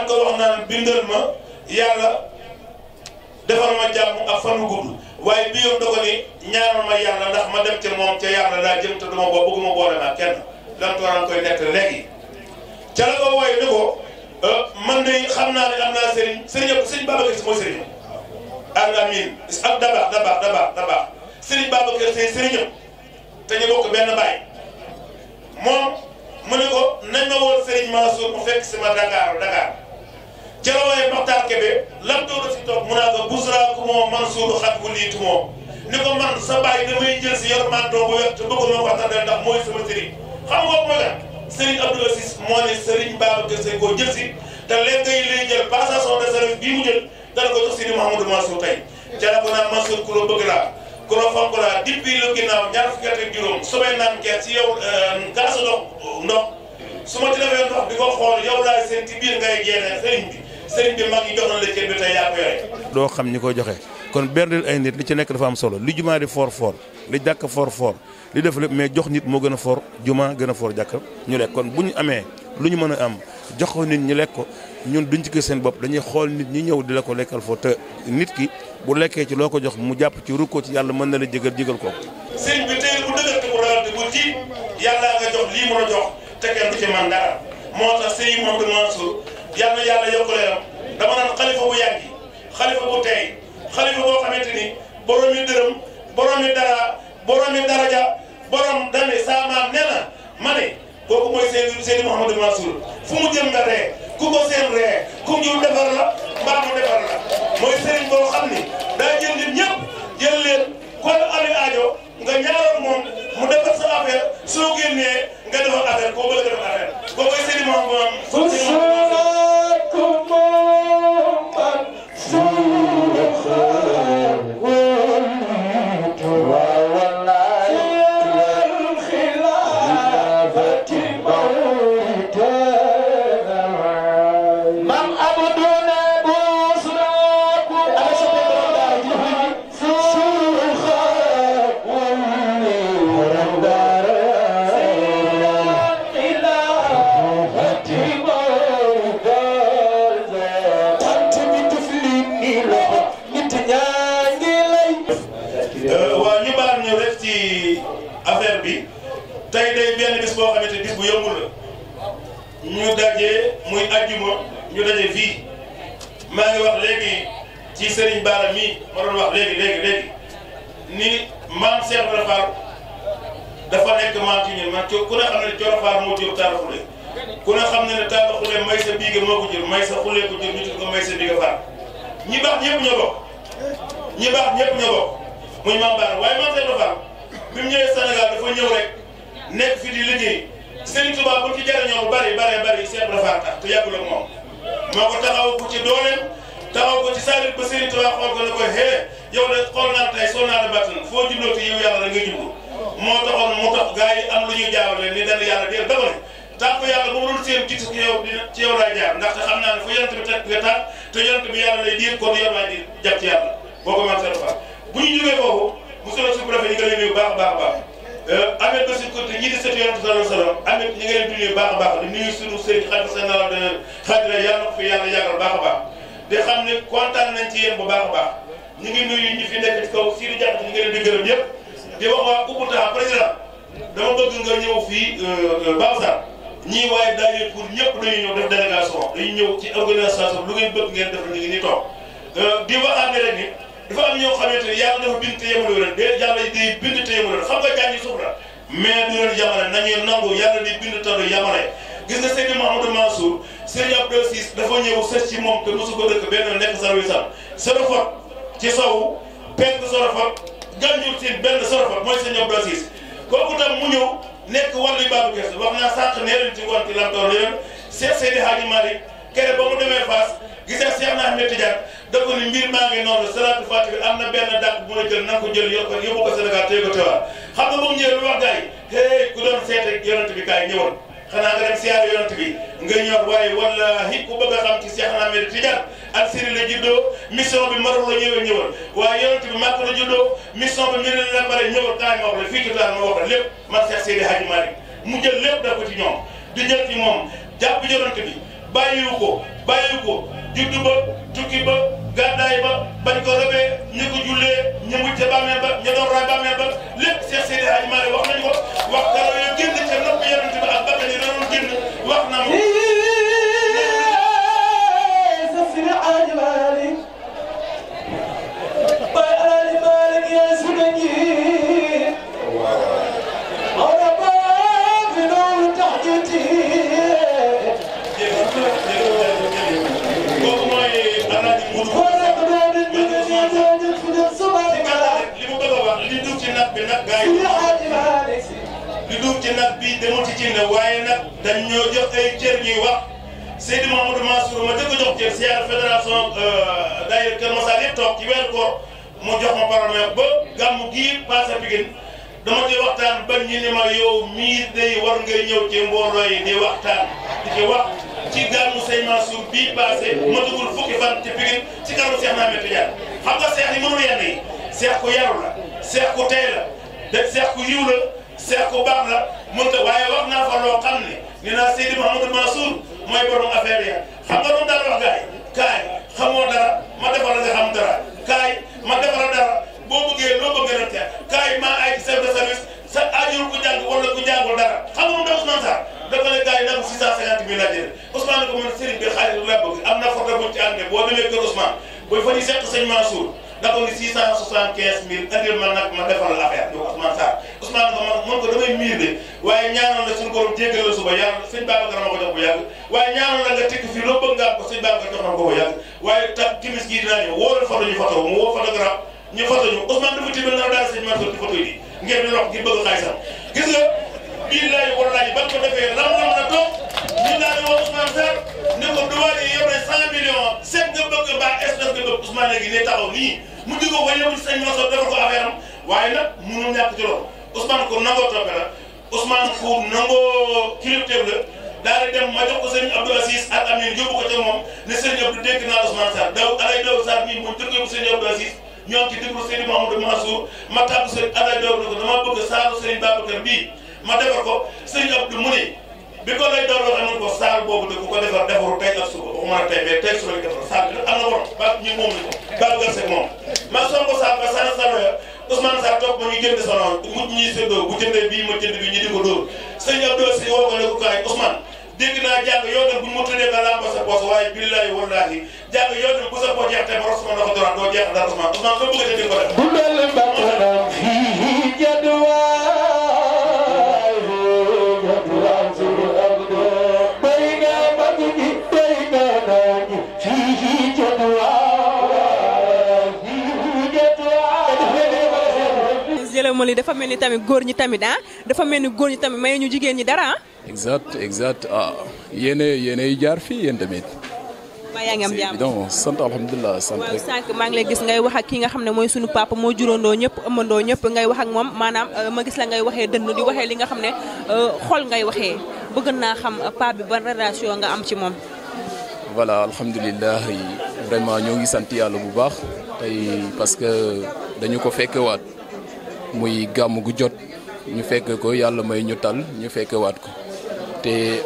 ko wax ma defal ma ak ni ñaanal ma ndax ma dem te duma bëgguma kenn koy la ni ko euh, man ne suis si te ñu bokk benn baay moom mu ne ko nañ ma woon Serigne Mansour mu fekk si ma Dakar Dakar ca waaye Maxtaar Kebe lan doon si toog mu naa ko Bousra ku moom xat wu lii tu ni ko man sa baay damay jël si yor manteau bu wér te bëggul ma ko tànnal ndax mooy sama Serigne xam nga mooy lan Serigne Abdou Aziz moo ne Serigne Babacar Seye koo jël si te léeg ngay lay jël passation de service bii mu jël dana ko jox si ni Mouhamadou Mansour tey ca la ko naan ku la fonk laa depuis lu ginnaaw ñaar fukki at juróom su may naan kees si yow kaasu euh, ndox ndox su ma ci defee ndox di ko xool yow laay seen ci ngay jeexee doo xam ñi ko joxe kon berndeel ay nit li ci nekk dafa am solo li jumaa di for for jàkk foor for li def lépp mais jox nit moo gën a foor jumaa gën a for jàkk ñu lekk kon bu ñu amee lu ñu mën a am jox ko nit ñu lekk ko ñun duñ ci gis seen bopp dañuy xool nit ñi ñëw di la ko lekkal foo te nit ki bu lekkee ci loo ko jox mu jàpp ci rukkoo ci yàlla mën na la jëgal jëgal ko sëñ bi tey bu dëgër te bu ragal te bu tiit yàlla nga jox lii mu jox te kenn du ci man moo tax sëñ Maodo Mansour yàlla yàlla yokk leeram dama naan xalifa bu yàgg xalifa bu tey xalifa boo xamante ni borom yi dërëm borom yi dara borom yi daraja borom dame saa maam nee ma kooku mooy Seydi Seydi Mouhamadou Mansour fu mu jëm nga ree ku ko seen ree ku ñu defar la mbaa mu defar la mooy sëriñ boo xam ni daa jël nit jël leen ko amee aajo nga ñaaroon moom mu defar sa affaire soo génnee nga defar affaire kooku la nga defar affaire kooku mooy Seydi Mouhamadou Mansour maa ngi wax léegi ci Serigne Bara mi ma doon wax léegi léegi léegi ni maam Cheikh Ibra Fall dafa nekk maam man ku ne xam ne Coro Fall moo jur sa biiga moo ko jur may sa Khoule ko jur ñi baax ñëpp ñoo bokk ñi baax ñëpp ñoo bokk muy maam Bara waaye maam Cheikh Ibra Fall bi mu ñëwee Sénégal dafa ñëw rek nekk fi di liggéey Serigne Touba bu ñu ci jëriñoo bu bari bari bari Cheikh Ibra Fall tax te yàggul moom moo ko taxaw ko ci dooleem taxaw ko ci saalit ba Serigne Touba xool ko ne ko hee yow de xool naa tey soo naa la bàttan foo jublooti yow yàlla rek nga jublu moo taxoon mu tax gars yi am lu ñuy jaawale ni dana yàlla deel dama ne tànk yàlla bu mu doon seen gis ci yow dina jaar ndaxte ne fu yant bi teg nga tànk te yant bi yàlla lay diir kon yow laay di jàpp ci yàlla boo ko mën a bu ñu jógee foofu monsieur le sous-préfet ñu ngi lay nuyu baax a baax a baax Euh, Ahmed Bassirou Kounta ñi di sëtu Yonent sallallahu alayhi wa sallam Ahmed ñi nga leen di nuyu baax a baax di nuyu sunu sëriñ xalifa fi yàlla yàggal baax a baax di xam ne kontaan nañ ci yéen bu baax a baax ñu ngi nuyu ñi fi nekk ci kaw si di jàpp ñi nga leen di gërëm yëpp di wax waa Koupentoum président dama bëgg nga ñëw fii euh, euh, Babsar ñii waaye daayee pour ñëpp dañuy ñëw def délégation dañuy ñëw ci organisation lu ngeen bëgg ngeen def ñu ngi nii toog di waxaat ne rek ni dafa am ñoo xamante ne yàlla dafa bind te yemul wu leen de yàlla day bind te yemul wu leen xam nga jàngi suuf la mais du leen yamale nañu nangu yàlla di bind te du yamale gis nga Seydi Mahamadou Mansour Seydi Abdou Sis dafa ñëw sës ci moom te mosu ko dëkk benn nekk sarwisam sorofot ci sow penk sorofot gànjul si benn sorofot mooy Seydi Abdou Sis kooku tam mu ñëw nekk wàllu baabu gerte wax naa sànq nee leen ci ngoon ci lam toor yéen seet Seydi Hadji Malick kere ba mu demee Fass gisee Cheikh na Ahmed Tidiane dafa ni mbir maa ngi noonu salatu fatiha bi am na benn dàq bu la jël na ko jël yokk yóbbu ko Sénégal tey ko teewaat xam nga moom ñëwee lu wax seete yonent bi kaay ñëwoon xanaa nga dem nga ñëw waaye wallahi ku bëgg a xam ci Cheikh na Ahmed Tidiane Algérie la la ñëwee ñëwoon waaye yonent bi Makka la juddoo mission bi mbir ma wax la fii ci daal ma wax la lépp man Cheikh Seydi Hadji Malick mu jël lépp def ko ci ñoom di jël bi bàyyiwu ko bàyyi ko juddu ba tukki ba gàddaay ba bañ ko robee ñi ko jullee ñi mujj ca bàmmeel ba ña doon raay bàmmeel ba lépp Cheikh Seydi Hadji Malick wax nañu ko wax dara yoo génn ca nopp yonent bi ak bakkan yi doon génn wax na ma. Yeah. li duuf ci nag bi nag gars yi li duuf ci nag bi demul ci cin waaye nag dañ ñoo jox ay cër ñuy wax Seydi Mamadou Mansour ma jëkk jox cër siyaar fédération daayira Kër Massar yëpp toog ci weer koor mu jox ma parole ba gàmmu gii passé Pikine dama di waxtaan ba ñu ne ma yow mii day war nga ñëw ci mbooloo yi di waxtaan di ci wax ci gàmmu Sëñ Mansour bii passé ma dugul fukki fan ci Pikine ci gàmmu Cheikh Ahmed Tidiane xam nga seex yi mënul yenn yi seex ku yaru la seex ku tey la da seex ku yiw la ku baax la mënta waaye wax naa fa loo xam ne nee naa Seydi Mouhamadou Mansour mooy borom affaire ya xam nga doon daal wax gaay kaay xamoo ma defal la nga dara kaay ma defal la boo bëggee loo bëgg a teel kaay maa ay chef de service sa aajul ku jàng wala ku jàngul dara xam nga mu ne Ousmane Sarr dafa ne kaay nag 650 mille laa jëlee Ousmane ko mën Serigne bi xaalis laa bëgg am na photo bu ci àndee boo demee kër Ousmane buy fa ñu seq sëñ Mansour dafa ni 675 mille indil ma nag ma defal la affaire yow Ousmane Sarr Ousmane ko man man ko damay miir de waaye ñaanal la suñu borom jéggal la suba yàlla sëñ Babacar ma ko jox bu yàgg waaye ñaanal la nga tekki fii loo bëgg nga am ko sëñ Babacar jox na ko bu yàgg waaye tax timis gii dinaa ñëw woo la photo ñu photo mu woo photographe ñu foto ñu Ousmane dafa tibbal na daal sëñ Mansour ci foto yi ngeen di rox ngir bëgg xaalisam gis nga bii laay wallaahi ban ko defee lan la mën a toog ñu daal woo Ousmane Sarr ne ko duwaale yi yore 100 millions seet nga bëgg baax espèce nga bëgg Ousmane léegi ne taxaw nii mu di ko wàññeeku sëñ Mansour defal ko affaire am waaye nag mënul ñàkk ci loolu Ousmane ku nangoo toppe la Ousmane ku nangoo kilifteef la daal di dem ma jox ko sëñ Abdou Aziz ak Amine yóbbu ko ca moom ne sëñ Abdou dégg naa Ousmane Sarr daw ñoo ngi ci déglu Seydi Mahamadou Mansour ma tàggu sëriñ Abdoulaye Dóor na ko dama bëgg saalu sëriñ Babacar bii ma defar ko sëriñ Abdou mu ni bi ko lay doon waxee mun ko saal boobu de ku ko defar defaru tey ak suba waxuma la tey mais tey suba la defar saal bi nag am na borom ba ñu moom la ko Babacar Seck moom ma soog ko saal ba sana sana ya Ousmane Sarr toog ma ñu jënd sonon mut ñuy séddoo bu jëndee bii ma jënd bi ñu di ko dóor sëriñ Abdou si woo ko ne ko kaay Ousmane dégg naa jàng yoodal bu mu tëddee nga laam ba sa boos waaye billaahi wallaahi jàng yoodal bu sa boos jeex te boros ma ndox doraan doo jeex dara Ousmane Ousmane soo bëggee dégg ko def. dundal bakkanam fii jadwaa jëlëmal yi dafa mel ni tamit góor ñi tamit ah dafa mel ni góor ñi tamit maye ñu jigéen ñi dara ah exact exact ah yéen yéen ay jaar fii yéen tamit. ma yaa ngi am jàmm sant alhamdulilah sant maa ngi lay gis ngay wax ak ki nga xam ne mooy suñu papa moo juróondoo ñëpp ëmmandoo ñëpp ngay wax ak moom maanaam euh, ma gis la ngay waxee dënn di waxee li nga xam ne euh, xol ngay waxee bëgg naa xam euh, paa bi ban relation nga am ci moom. voilà alhamdulilah vraiment ñoo ngi sant yàlla bu baax tey parce que dañu ko fekkewaat muy gàmm gu jot ñu fekk ko yàlla may ñu tal ñu fekkewaat ko. te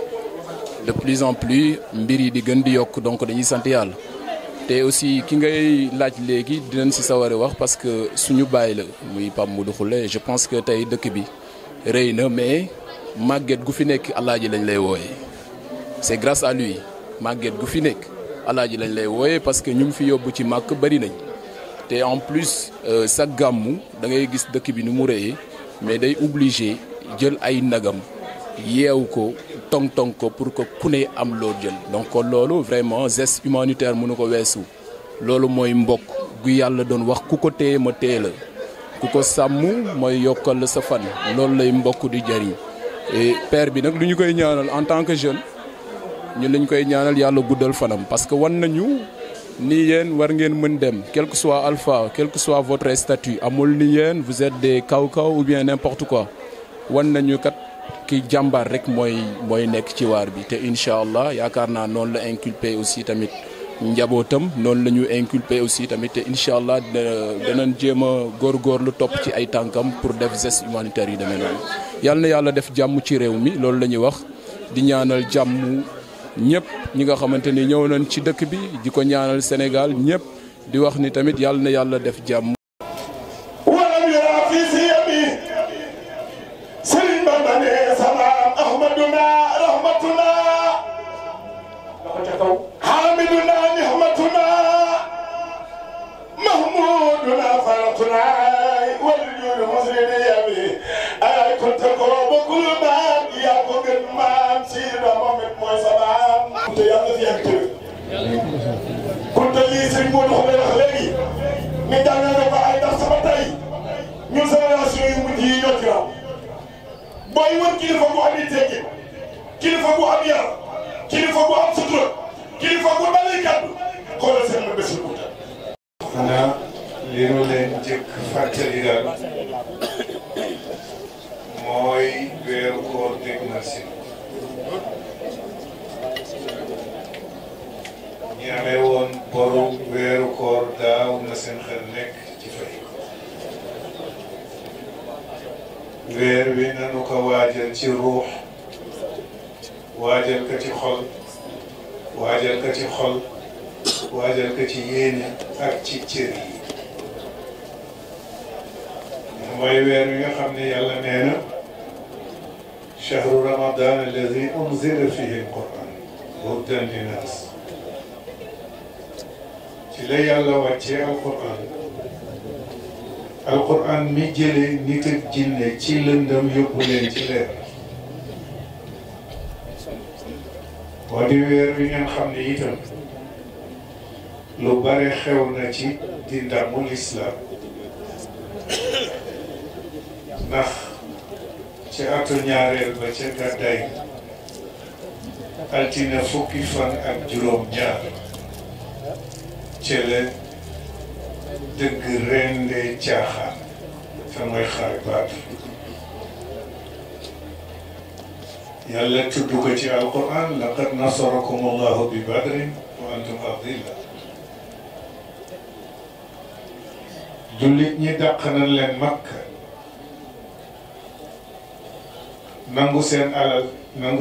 de plus en plus mbiri di gën di yok donc dañuy sant yalla té aussi ki ngay laaj légui dinañ ci sawar wax parce que suñu bàyyi la muy Pape Modou je pense que tay dëkk bi reyna mais màgget gu fi nekk alaaji lañ lay woyé c'est grâce à lui màgget gu fi nekk alaaji lañ lay woyé parce que ñu ngi fi yobbu ci mak bari nañ té en plus euh, sa gamou da ngay gis dëkk bi nu mu rëyee mais day obligé jël ay nagam tong-tong ko pour que kune am donc vraiment geste humanitaire ko lolu moy mbok gu yalla don wax ko ma sa fan lay et père bi en tant que jeune ñun koy ñaanal guddal parce que nañu ni war quel que soit alpha quel que soit votre statut vous êtes des ou bien n'importe quoi nañu ki jàmbaar rek mooy mooy nekk ci waar bi te incha allah yaakaar naa noonu la inculpé aussi tamit njabootam noonu la ñu inculpé aussi tamit te incha allah danañ jéem a lu topp ci ay tànkam pour def geste humanitaire yi demee noonu. yàlla na yàlla def jàmm ci réew mi loolu la wax di ñaanal jàmm ñëpp ñi nga xamante ni ñëw nañ ci dëkk bi di ko ñaanal Sénégal ñëpp di wax ni tamit yàlla def jàmm.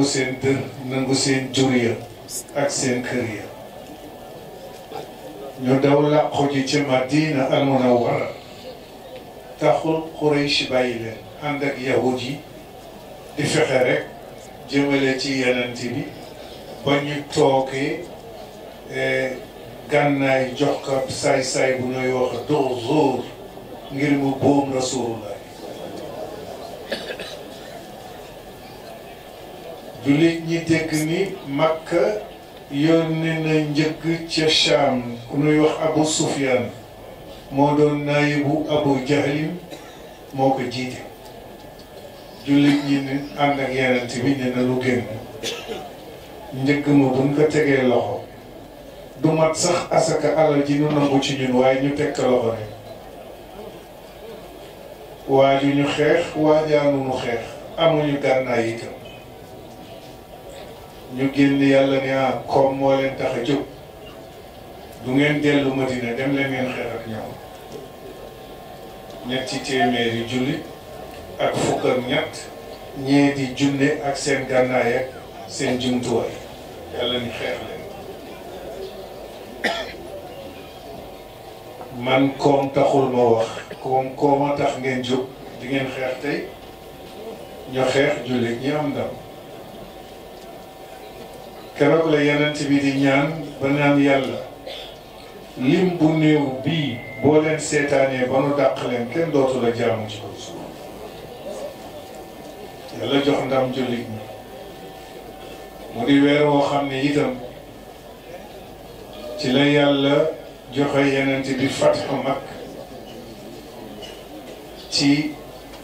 nangu seen dër nangu seen jur ya ak seen kër ya ñu daw làqu ji ci madina al munawwara taxul Quraysh bàyyi leen ànd ak yahud yi di fexe rek jëmale ci yenent bi ba ñu toogee eh, gànnaay jox ko saay saay bu ñuy wax doxu zuur ngir mu boom rasulullah du léegi ñi dégg ni Makka yónni na njëgg ca Shaam ku nuy wax Abu Sufyaan moo doon naayibu Abu Jahlin moo ko jiite jullit ñi ni ànd ak yenent bi ne na lu génn njëgg ma buñ ko tegee loxo du mat sax asaka alal ji nu nangu ci ñun waaye ñu teg ko loxo rek waaju ñu xeex waajaanu xeex amuñu gànnaay itam ñu génn yàlla ne ah, koom moo leen tax a jóg du ngeen dellu Madina dem leen ngeen xeex ak ñoom ñetti téeméeri julli ak fukk ak ñett ñee di junne ak seen gànnaay ak seen jumtuwaay yàlla ni xeex leen man koom taxul ma wax koom kooma tax ngeen jóg di xeex tey ñu xeex jullit ñi am ndam keroog la yenent bi di ñaan ba naan yàlla lim bu néew bii boo leen seetaanee ba nu dàq leen kenn dootu la jaamu ci kaw suuf yàlla jox ndam jullit ñi mu di weer woo xam ne itam ci la yàlla joxe yenent bi fatxu mag ci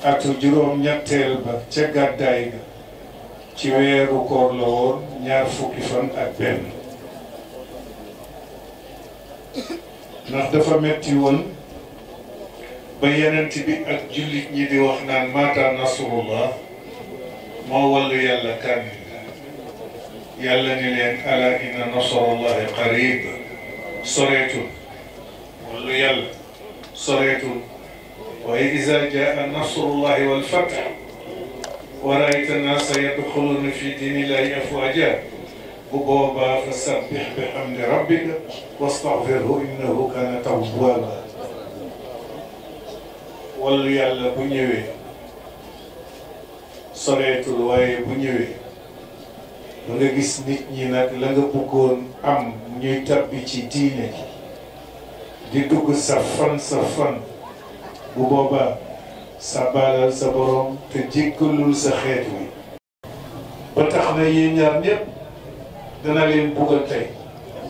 atu juróom ñetteel ba ca gàddaay ga ci weeru koor la woon ñaar fukki fan ak benn ndax dafa metti woon ba yenent bi ak jullit ñi di wax naan maata nasrullah moo wallu yàlla kànni yàlla ni leen ala inna nasrullahi qarib soreetul wallu yàlla soreetul waaye isa jaa nasrullahi wal fath ورأيت الناس يدخلون في دين الله أفواجا وبابا فسبح بحمد ربك واستغفره إنه كان توابا wallu yàlla bu ñëwee soreetul waaye bu ñëwee da gis nit ñi nag la nga am ñuy tabbi ci diine di dugg sa fan bu boobaa sàbbaalal sa borom te jéggalul sa xeet wi ba tax na yéen ñaar ñëpp dana leen buggal tey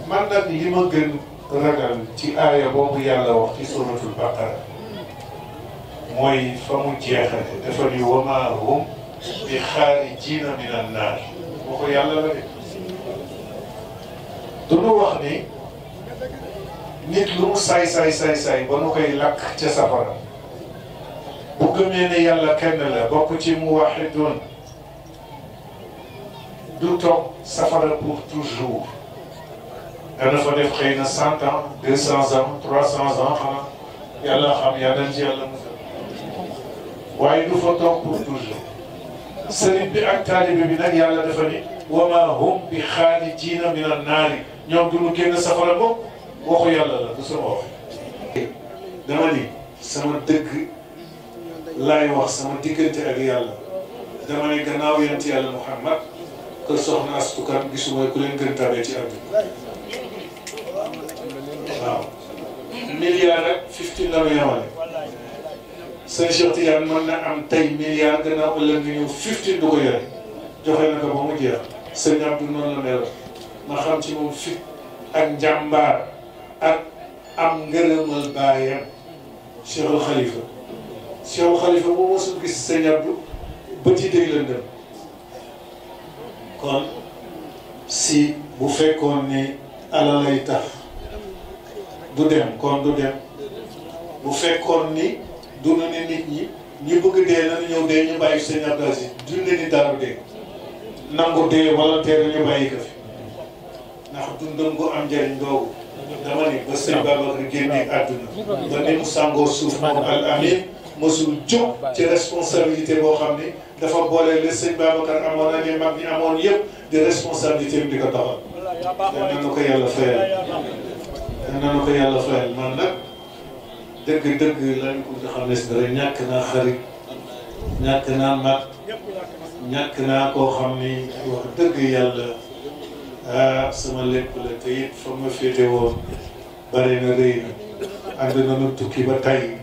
man nag li ma gën ragal ci aaya boobu yàlla wax ci suratul baqara mooy fa mu jeexale dafa ni wa maa hum bi xaarijiina min annaar waxu yàlla la de duñu wax ni nit lu mu saay saay saay saay ba nu koy lakk ca safara بكمين يلا كنلا بكتي موحدون دوتو سفر بور توجور أنا فاني فخينا سانتا دسان زان تراسان زان خان يلا خام يانا جي يلا وايدو فتو بور توجور سليم بي أكتالي ببنا يلا دفاني وما هم بخارجين من النار نيوم دلو كينا سفر بور وخو يلا لا دسان وخي دماني سمدق laay wax sama diggante ak yàlla dama ne gannaaw yonent yàlla Muhammad kër soxna astukat gisuma ku leen gën tabee ci àdduna waaw milliard ak fifty la ma yemale seen Cheikh Tidiane mën na am tey milliard gannaaw ëllëg nga ñëw fifty du ko yore joxe na ko ba mu jeex sëñ Abdou noonu la mel ma xam ci moom fit ak njàmbaar ak am ngërëmal baayam Cheikhul Khalifa Cheikh Khalifa moom mosul gis sëñ Abdou bët yi dégg lëndëm kon si bu fekkoon ni ala lay tax du dem kon du dem bu fekkoon ni dund ni nit ñi ñu bëgg dee nañu ñëw dee ñu bàyyi sëñ Abdou Aziz dund ni daaru dee nangu dee wala teel bàyyi ko fi ndax dundam gu am njëriñ doogu dama ni ba sëñ Babacar génne àdduna ba ni mu suuf moom al amin mosul jóg ah, ci responsabilité boo xam ni dafa boole le sëñ Babacar amoon na ñu mag ñi amoon yëpp di responsabilité bi di ko taxal. danañ na ko yàlla fayal danañ na ko yàlla fayal man nag dëgg-dëgg lañ ko xam ne si dara ñàkk naa xarit ñàkk naa mag ñàkk naa koo xam ni wax dëgg yàlla ah sama lépp la te it fa ma féete woon bare na rëy na ànd na nu tukki ba tay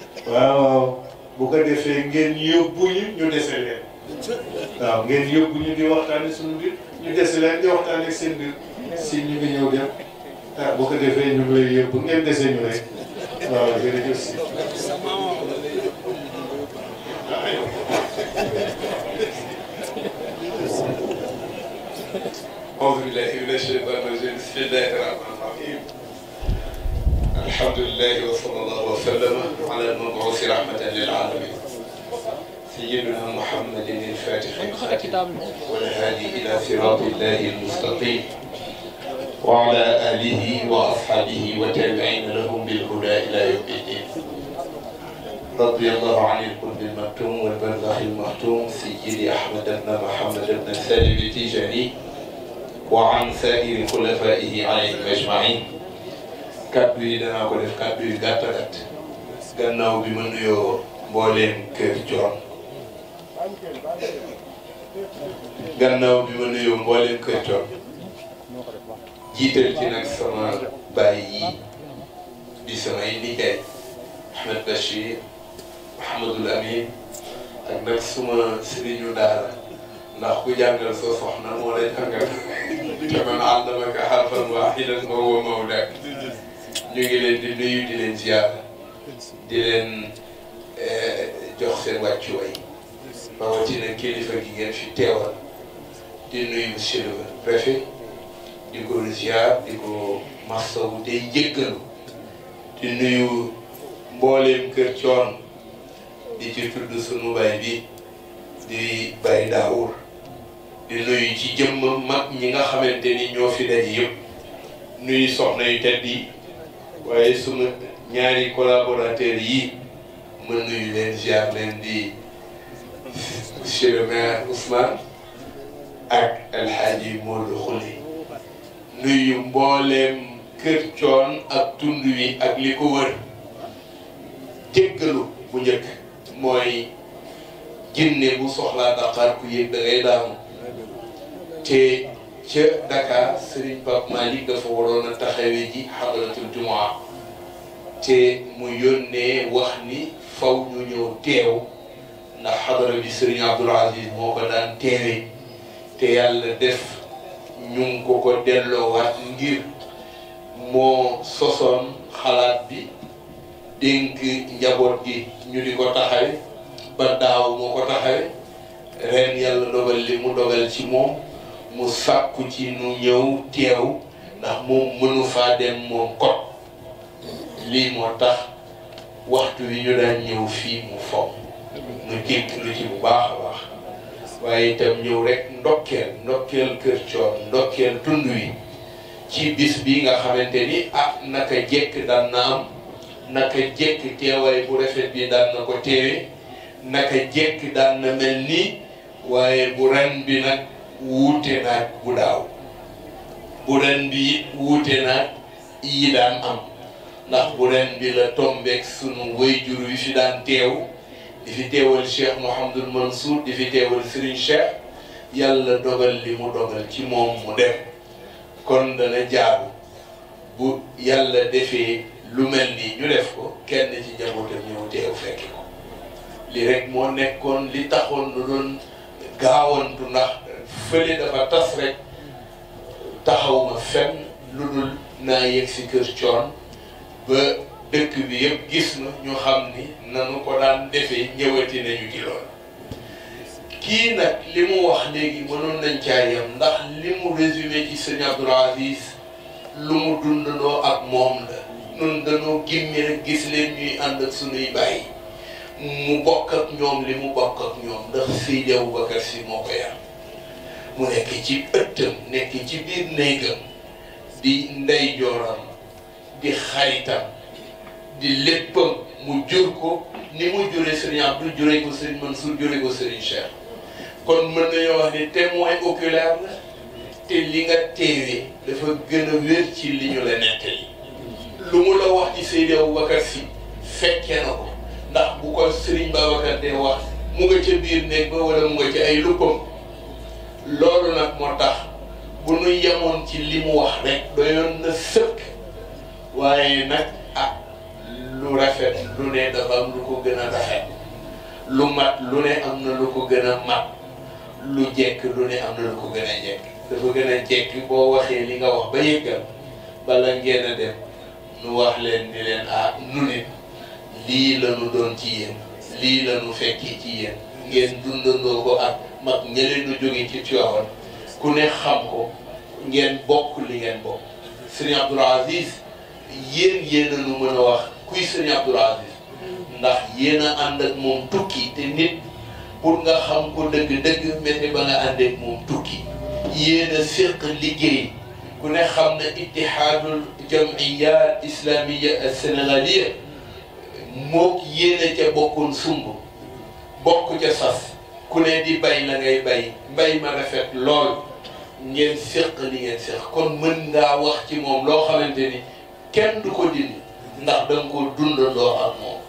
waaw bu ko defee ngeen yóbbu ñu ñu dese leen waaw ngeen yóbbu ñu di waxtaanee suñu biir ñu dese leen di waxtaanee seen biir si ñu ngi ñëw dem ah bu ko defee ñu ngi lay yóbbu ngeen dese ñu rek waaw أعوذ بالله من الشيطان الرجيم بسم الله الرحمن الرحيم الحمد لله وصلى الله وسلم على المبعوث رحمة للعالمين سيدنا محمد الفاتح والهادي إلى صراط الله المستقيم وعلى آله وأصحابه وتابعين لهم بالهدى إلى يوم الدين رضي الله عن القلب المكتوم والبرزخ المختوم سيدي أحمد بن محمد بن سالم التجاني وعن سائر خلفائه عليهم أجمعين kàddu yi danaa ko def kàddu yi gannaaw bi ma nuyoo mbooleem kër gannaaw bi ma nuyoo mbooleem kër Coon jiital ci nag sama bàyyi yi di samay nijaay Ahmed Bachir Mahamadul Amin ak nag suma sëriñu daara ndax ku jàngal sa soxna moo la jàngal te man àndamaka harfan waahidan wa huwa mawlaak ñu ngi leen di nuyu di leen ziar di leen eh, jox seen wàccuwaay rawatina kilifa gi ngeen fi teewal di nuyu monsieur le di ko ziar di ko masawu day jéggalu di nuyu mbooleem kër coon di ci tudd sunu baay bi di Baye Daour di nuyu ci jëmm mag ñi nga xamante ni ñoo fi daje yëpp nuyu soxna yu tedd waaye suma ñaari collaborateurs yi mën nañu leen ziar leen di monsieur le maire Ousmane ak El Hadji Modou Khouli nuyu mbooleem kër coon ak tund wi ak li ko wër jéggalu bu njëkk mooy jinne bu soxlaa daqaar ku yëg da ngay daanu te ca Dakar Serigne Pape Malick dafa waroon taxawee ji xadratul jumaa te mu yónnee wax ni faw ñu ñëw teew ndax xadara bi Serigne Abdoul Aziz moo ko daan teewee te yàlla def ñu ngi ko ko delloowaat ngir moo sosoon xalaat bi dénk njaboot gi ñu di ko taxawe ba daaw moo ko taxawe ren yàlla dogal li mu dogal ci moom mu sàkku ci nu ñëw teew ndax moom mënu faa dem moom kot lii moo tax waxtu wi ñu daan ñëw fii mu fomm nu jégg lu ci bu baax a baax waaye itam ñëw rek ndokkeel ndokkeel kër coon ndokkeel tund wi ci bis bi nga xamante ni ah naka jekk daan na am naka jekk teewaay bu rafet bi daan na ko teewe naka jekk daan na mel nii waaye bu ren bi nag wuute naag bu daaw bu ren bi wuute naag yi daan am ndax bu ren bi la tombeek sunu wayjur yi fi daan teew di fi teewal Cheikh Mouhamadul Mansour di fi teewal Serigne Cheikh yàlla dogal li mu dogal ci moom mu dem kon dana jaabu bu yàlla defee lu mel ni ñu def ko kenn ci njabootam ñëw teew fekki ko li rek moo nekkoon li taxoon lu doon gaawantu ndax fële dafa tas rek taxaw ma fenn lu dul naa yegg si kër coon ba dëkk bi yëpp gis na ñu xam ni nanu ko daan defee ñëwati nañu ci lool kii nag li mu wax léegi mënoon nañ caa yam ndax li mu résumé ci sëñ Abdoul Aziz lu mu dundandoo ak moom la nun dañoo gimmi rek gis leen ñuy ànd ak sunuy bàyyi mu bokk ak ñoom li mu bokk ak ñoom ndax Seydi Aboubacar Sy moo ko yar mu nekk ci ëttam nekk ci biir néegam di ndeyjooram di xaritam di léppam mu jur ko ni mu jure Serigne Abdou jure ko Serigne Mansour jure ko Serigne Cheikh kon mën nañoo wax ni témoin oculaire la te li nga teewee dafa gën a wér ci li ñu la nettali lu mu la wax ci Seydi Aboubacar Sy fekke na ko ndax bu ko ba Babacar de wax mu nga ca biir néeg ba wala mu nga ci ay luppam loolu nag moo tax bu nu yemoon ci li mu wax rek doyoon na sëkk waaye nag a ah, lu rafet lu ne dafa lu ko gën a rafet lu mat lu ne am na lu ko gën a mat lu jekk lu ne am na lu ko gën a jekk dafa gën a jekki boo waxee li nga wax ba yëggal bala ngeen dem nu wax leen ni leen a ah, nu ne lii la nu doon ci yéen lii la nu fekki ci yéen ngeen dundandoo ko ak mag ña leen ci Tiwaawan ku ne xam ko ngeen bokk li ngeen bokk sëriñ Abdoul Aziz yéen yéen a mën a wax kuy sëriñ Abdoul Aziz ndax yéen a ànd ak moom tukki te nit pour nga xam ko dëgg-dëgg metti ba nga ànd ak moom tukki yéen a liggéey ku ne xam na ittihaadul jamiya islamiya sénégaliya mook yéen a ca bokkoon sumb bokk ca sas ku ne di bay la ngay bay mbay ma rafet lool ngeen séq li ngeen séq kon mën ngaa wax ci moom loo xamante ni kenn du ko dindi ndax danga ko dundandoo ak moom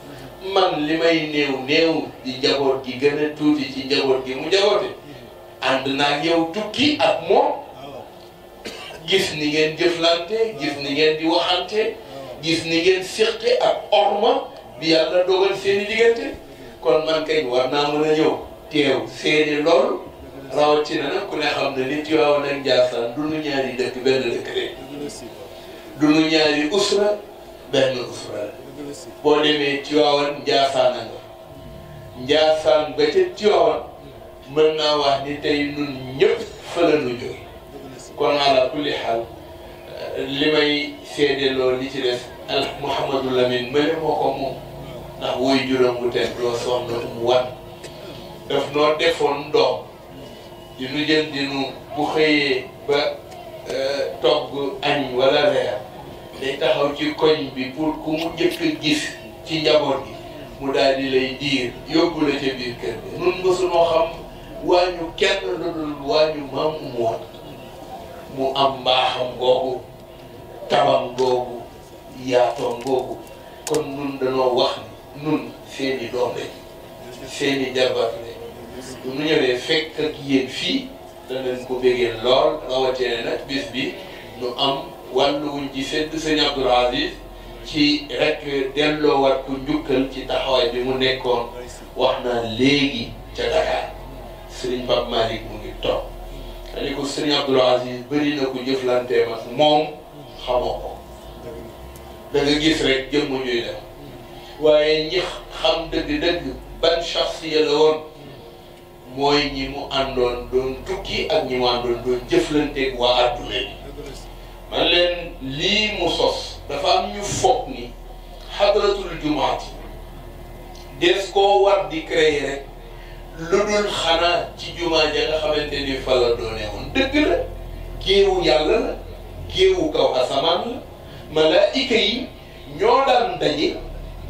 man li may néew néew di njaboot gi gën a tuuti ci njaboot gi mu njaboote ànd naa yow tukki ak moom gis ni ngeen jëflante gis ni ngeen di waxante gis ni ngeen séqe ak orma bi yàlla dogal seeni diggante kon man kañ war naa mën a ñëw teew seede loolu rawatina nag ku ne xam ne ni Tiwaawan ak Njaasaan du nu ñaari dëkk benn dëkk rek du nu ñaari usra benn usra boo demee Tiwaawan Njaasaan nga ca Tiwaawan mën naa wax ni tey nun ñëpp fa nu jóge kon ala kulli xaal li may seede loolu li ci def al Mouhamadou mëne moo ko moom ndax wuy juróom bu tedd doo soxna mu wan daf noo defoon doom di nu jël di nu bu xëyee ba e, togg añ wala reer day taxaw ci koñ bi pour ku mu njëkk gis ci njaboot mu daal di lay diir yóbbu la ca biir kër gi nun mësunoo xam waañu kenn lu dul waañu maam moon mu am mbaaxam googu tabam googu yaatoom googu kon nun danoo wax nun seeni doom seeni jabar lañ bu mu ñëwee fekk ak yéen fii dana leen ko bégee lool rawatina nag bis bi ñu am wàlluwuñ ci sedd sëñ Abdoul Aziz ci rek delloo war ku njukkal ci taxawaay bi mu nekkoon wax naa léegi ca Dakar sëriñ Pape Malick mu ngi toog dañu ko sëriñ Abdoul Aziz bëri na ko jëflanteem ak moom xamoo ko da nga gis rek jëmm ñuy def waaye ñi xam dëgg-dëgg ban chaxsiya la woon mooy ñi mu àndoon doon tukki ak ñi mu àndoon doon jëflanteeg waa adduna bi man leen lii mu sos dafa am ñu foog ni xadratul jumaat des koo war di créer rek lu dul xanaa ci jumaa ja nga xamante ni fa la doone woon dëgg la géewu yàlla la géewu kaw asamaan la malaayika yi ñoo daan daje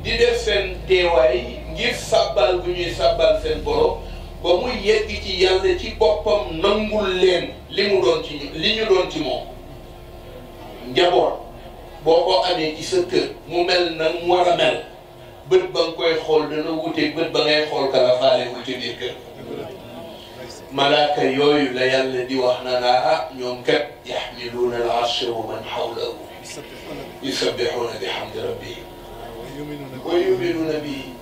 di def seen teewaay ngir sàbbal bu ñuy sàbbal seen borom ba mu yegg ci yàlla ci boppam nangul leen li mu doon ci li ñu doon ci moom njaboot boo ko amee ci sa kër mu mel na mu war a mel bët ba nga koy xool dana wuteeg bët ba ngay xool kala faale wul ci biir kër malaaka yooyu la yàlla di wax na naa ah ñoom kat yaxmiluuna al arsha wa man xawlahu yusabbixuuna bi xamdi rabbihim wa yuminuuna bihi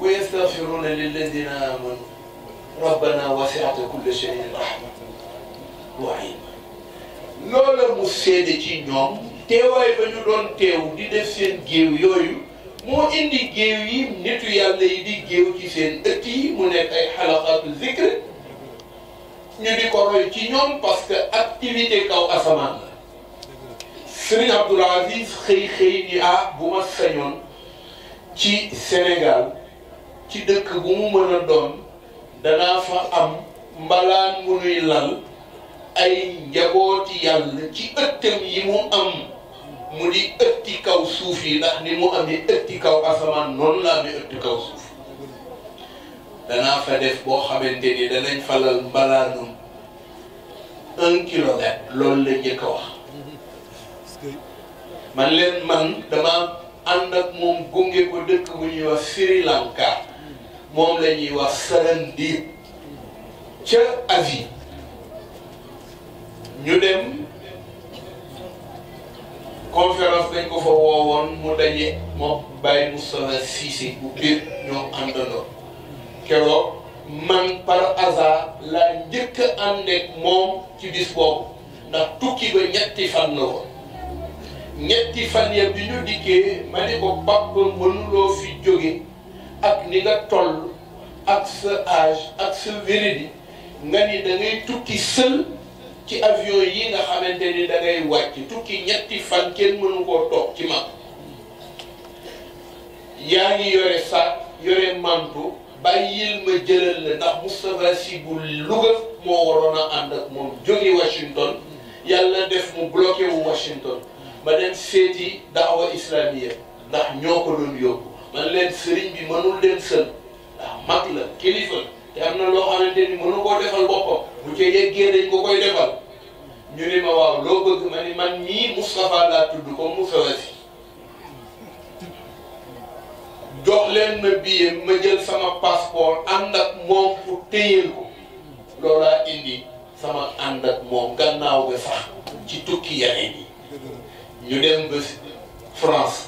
ويستغفرون للذين امنوا ربنا وسعت كل شيء رحمه وعلم لولا مسيد جنوم تيوا يبنو دون تيو دي ديف سين جيو يوي مو اندي جيو يي نيتو يالا يدي جيو كي سين اتي مو نيك اي حلقات الذكر ني دي كو روي تي نيوم باسكو اكتيفيتي كاو اسمان سيرين عبد العزيز خي خي ني ا بوما سنيون تي سينيغال ci dëkk bu mu mën a doon danaa fa am mbalaan mu nuy lal ay njabooti yàlla ci ëttam yi mu am mu di ëtti kaw suuf yi ndax ni mu amee ëtti kaw asamaan noonu la amee ëtti kaw suuf danaa fa def boo xamante ni danañ falal mbalaanum un kilomètre loolu la njëkk wax man leen man dama ànd ak moom gunge ko dëkk bu ñuy wax moom la ñuy wax Serendib ca Asie ñu dem conférence dañ ko fa woowoon mu daje moo Baye Moustapha Cissé bu biir ñoo àndandoo keroog man par hasard laa njëkk a àndeek moom ci bis ndax tukki ba ñetti fan la ko ñetti fan ya bi ñu dikkee ma ne ko papa mënuloo fi jóge ak ni nga toll ak sa âge ak sa wéridi nga ni dangay tukki sël ci avion yi nga xamante ni dangay ngay wàcc tukki ñetti fan kenn mënu koo toog ci mag yaa ngi yore saak yore mantu bàyyil ma jëlal la ndax Moustapha Sy bu Louga moo waroon a ànd ak moom jóge Washington yàlla def mu bloqué wu Washington ma dem seeti daawa islamiya ndax ñoo ko doon yóbbu man leen sëriñ bi mënul dem sën ndax mag la kilifa te am na loo xamante ni mënu koo defal boppam bu ca yeggee dañ ko koy defal ñu ne ma waaw loo bëgg ma ni man mii Moustapha laa tudd comme Moustapha si jox leen ma billet ma jël sama passeport ànd ak moom pour téyel ko loolaa indi sama ànd ak moom gannaaw ga sax ci tukki yeneen yi ñu dem ba France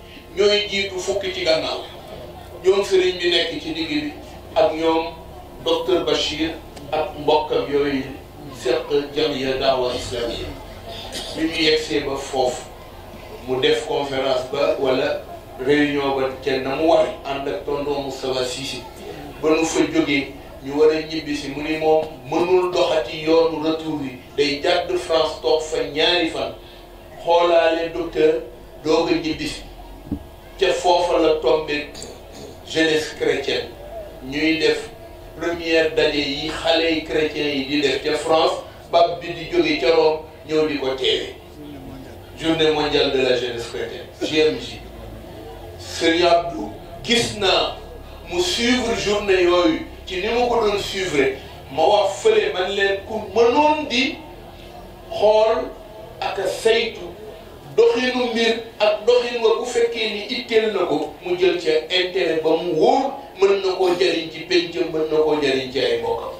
ñooy jiitu fukki ci gannaaw ñoom sëriñ bi nekk ci digg bi ak ñoom docteur Bachir ak mbokkam yooyu seq jamiya daawa islamiya bi ñu yegsee ba foofu mu def conférence ba wala réunion ba te na mu war ànd ak tonton Moustapha Cissé ba nu fa jógee ñu war a ñibbi si mu ni moom mënul doxati yoonu retour bi day jàdd France toog fa ñaari fan xoolaale docteur doog a ñibbi si te foofa la tombé jeunesse chrétienne ñuy def première daje yi xalé chrétien yi di def ci France bab bi di jóge ci Rome ñeu di ko journée mondiale de la jeunesse chrétienne JMJ Serigne Abdou gis na mu suivre journée yooyu ci ni ma ko doon suivre ma wax fële man leen ku mënoon di xool ak a saytu doxinu mbir ak doxin wa bu fekkee ni itteel na ko mu jël ca intérêt ba mu wóor mën na koo jariñ ci péncam mën na koo jariñ ci ay mbokkam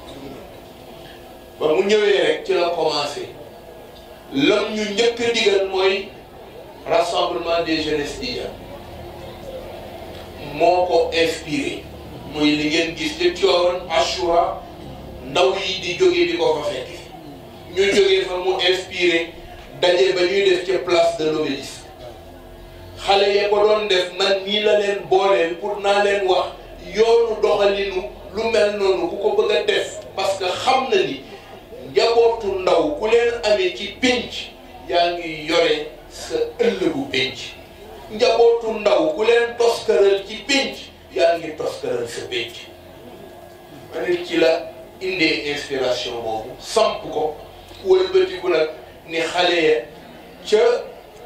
ba mu ñëwee rek ci la commencé lam ñu njëkk a mooy rassemblement des jeunesses tijaan moo ko inspiré mooy li ngeen gis te Tiwaawan Ashura ndaw yi di jógee di ko fa fekk ñu jógee fa mu inspiré daje ba ñuy def ca place de l'Obélisque xale ya ko doon def man nii la leen booleel pour naa leen wax yoonu doxalinu lu mel noonu ku ko bëgg a def parce que xam na ni njabootu ndaw ku leen amee ci pénc yaa ngi yore sa ëllëgu pénc njabootu ndaw ku leen toskaral ci pénc yaa ngi toskaral sa pénc ma ne ci la indee inspiration boobu samp ko wëlbatiku nag ni xale ya ca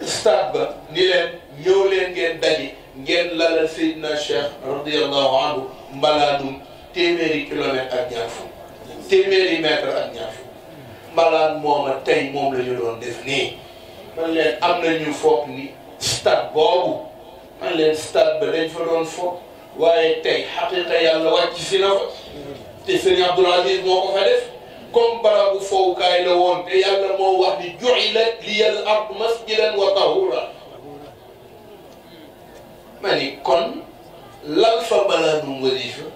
stade ba ni leen ñëw leen ngeen daje ngeen lalal Seydina Cheikh radiallahu anhu mbalaanum téeméeri kilomètre ak ñaar fu téeméeri mètre ak ñaar fu mbalaan mooma tey moom la ñu doon def nii man leen am na ñu foog ni stade boobu man leen stade ba dañ fa doon foog waaye tey xaqiqa yàlla wàcc si na fa te sëñ Abdoul Aziz moo ko fa def comme barabu fowukaay la woon te yàlla moo wax ni ju'ilat liyal ard masjidan wa tahura ma ni kon lal fa balaanum wasifa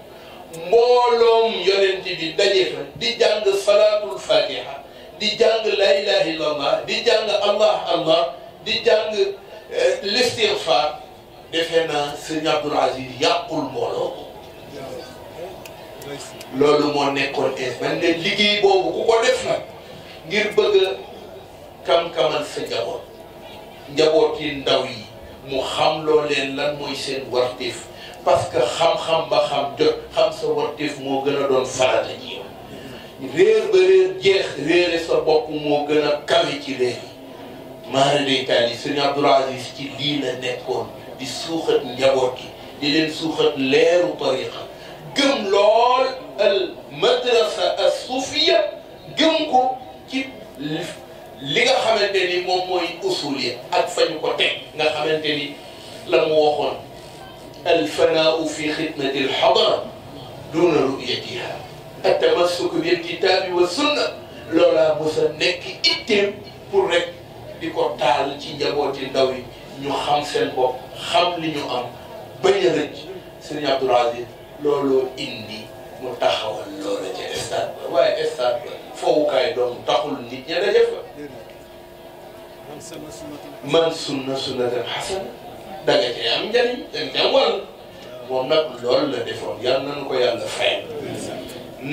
mbooloom yonent bi daje fa di jàng salaatul fatiha di jàng la ilaha illallah di jàng allah allah di jàng eh, l'istigfar defe naa sëñ Abdoul Aziz yàqul mbooloo ko loolu moo nekkoon tees man ne liggéey boobu ku ko def nag ngir bëgg kam-kamal sa njaboot njaboot yi ndaw yi mu xam loo lan mooy seen wartif parce que xam-xam ba xam jot xam sa wartif moo gën a doon farata ji yow réer ba réer jeex réere sa bopp moo gën a kawe ci réer yi maara day taal yi suñu ci lii la nekkoon di suuxat njaboot yi di leen suuxat leeru tariqa جم لول المدرسة الصوفية جمكو كي لغا خمنتني موموي أصولية أكفاني كوتين نغا خمنتني لموخون الفناء في خدمة الحضرة دون رؤيتها التمسك بالكتاب والسنة لولا مسنك إتم بريك ديكو تال تي جابوت داوي ньо хам сен бо хам ли ньо ам бэйрэч сэрни абдуразиев looloo indi mu taxawal loola ca stade ba waaye stade ba fowukaay doom taxul nit ña daje fa man sunna sunnatan xasana da nga cay am njariñ da nga cay wàll moom nag loolu la defoon yal nañu ko yàlla fay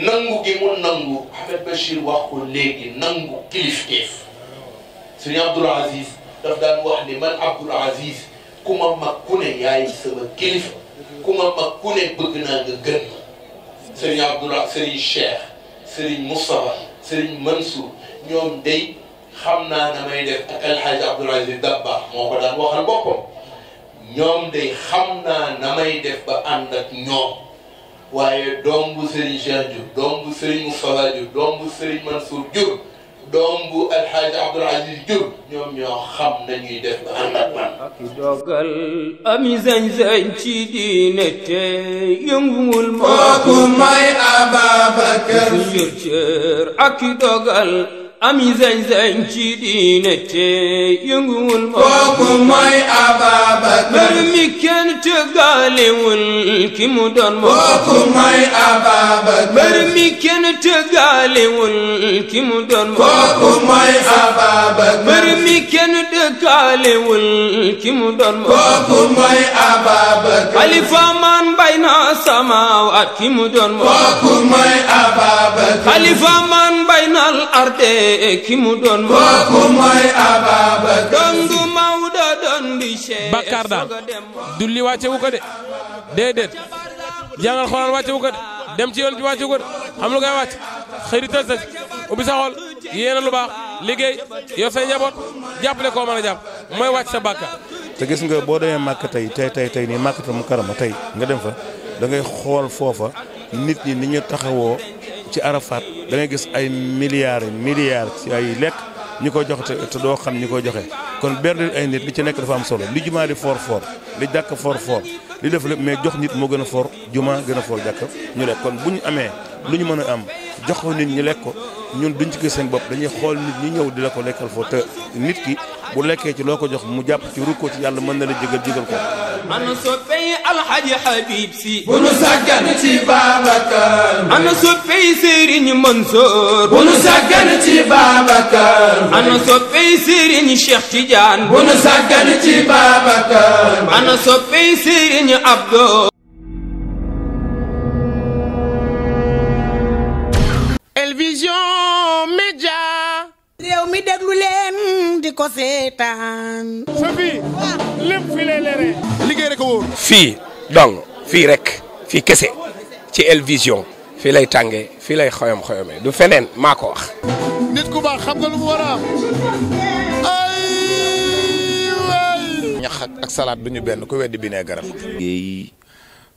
nangu gi mu nangu Ahmed Bachir wax ko léegi nangu kilifteef suñu Abdoul Aziz daf daan wax ni man Abdoul ku ma mag ku ne yaay kilifa ku ma mag ku ne bëgg naa nga gën ma sëriñ Abdoulaye sëriñ Cheikh sëriñ Moustapha sëriñ Mansour ñoom day xam naa damay def ak El Hadj Abdoulaye bi Dabba moo ko daan waxal boppam ñoom day xam naa namay def ba ànd ak ñoom waaye doom bu sëriñ Cheikh Diouf doom bu sëriñ Moustapha Diouf doom bu sëriñ Mansour Diouf doom bu alxaaji Abdul Aziz Diop ñoom ñoo xam nañuy def ba ànd ak ami sañ-sañ ci diine te yënguwul moo kooku may Ababacar ak dogal ami zañ zañ ci diine te yënguwul ma. kooku mooy Ababacar. mbër mi kenn tëggaaliwul ki mu doon moom. kooku mooy Ababacar. mbër mi kenn tëggaaliwul ki mu doon moom. lëkkaalewul ki mu doon kooku mooy Ababacar xalifa man bay na ki mu doon kooku mooy Ababacar xalifa man bay na al ki mu doon kooku mooy Ababacar dongu Maodo doon di Cheikh Bakar daal du li wàcce wu ko de déedéet jàngal xoolal wàcce wu ko de dem ci yoon bi wàccu ko xam lu ngay wàcc xërital sa ubbi sa xol yéena lu baax liggéey yor say njaboot jàppale koo mën a jàpp mooy wàcc sa bàkka te gis nga boo demee màkk tey tey tey tey nii màkkatal mu karam karama tey nga dem fa dangay xool foofa nit ñi ni ñu taxawoo ci Arafat dangay gis ay milliards milliards si ay lekk ñi ko jox te doo xam ñi ko joxe kon berdil ay nit li ci nekk dafa am solo li jumaa di foor foor li jàkk foor foor li def lépp mais jox nit moo gën a for juma gën a for jàkka ñu lekk kon bu ñu amee lu ñu mën a am jox ko nit ñu lekk ko ñun duñ ci gis seen bopp dañuy xool nit ñi ñëw di la ko lekkal foo te nit ki bu lekkee ci loo ko jox mu jàpp ci rukkoo ci yàlla mën na la jégal jégal ko ana soppey alxaji Habib si bu nu sàggan ci Babacar ana soppey Serigne Mansour bu nu sàggan ci Babacar bu nu sàggan ci Babacar déglu leen di ko seetaan. Sophie. lépp fii lay leeree. liggéey rek a wóor. fii donc rek fii kese ci El Vision fii lay tàngee fii lay xoyom xoyomee du feneen maa ko wax. nit ku baax xam nga lu mu war a ak salaat du benn ku weddi bi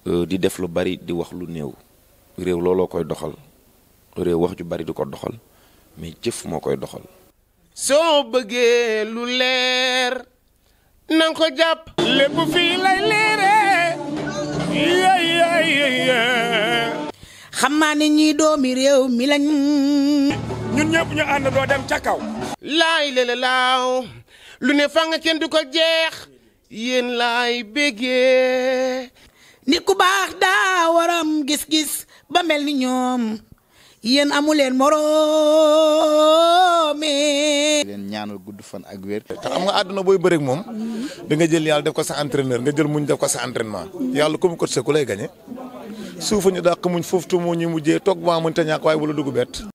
euh, di def lu bari di wax lu néew. réew looloo koy doxal réew wax ju bari di ko doxal mais jëf moo koy doxal. soo bëggee lu leer nanga ko jàpp lépp fii lay leere xam naa ni ñii doomi réew mi lañ ñun ñëpp ñu ànd doo dem ca kaw laay lëla laaw lu ne fa nga kenn du ko jeex yéen lay béggee nit ku baax daa waram gis-gis ba mel ni ñoom yéen amuleen moroomee. leen ñaanal gudd fan ak wér. te xam nga àdduna moom. da nga jël yàlla def ko sa entraîneur nga jël muñ def ko sa entraînement. yàlla comme coach ku lay gañe suufa ñu dàq muñ foofu tuuma ñu mujjee toog maa muñ te ñàkk waaye wala dugg bett.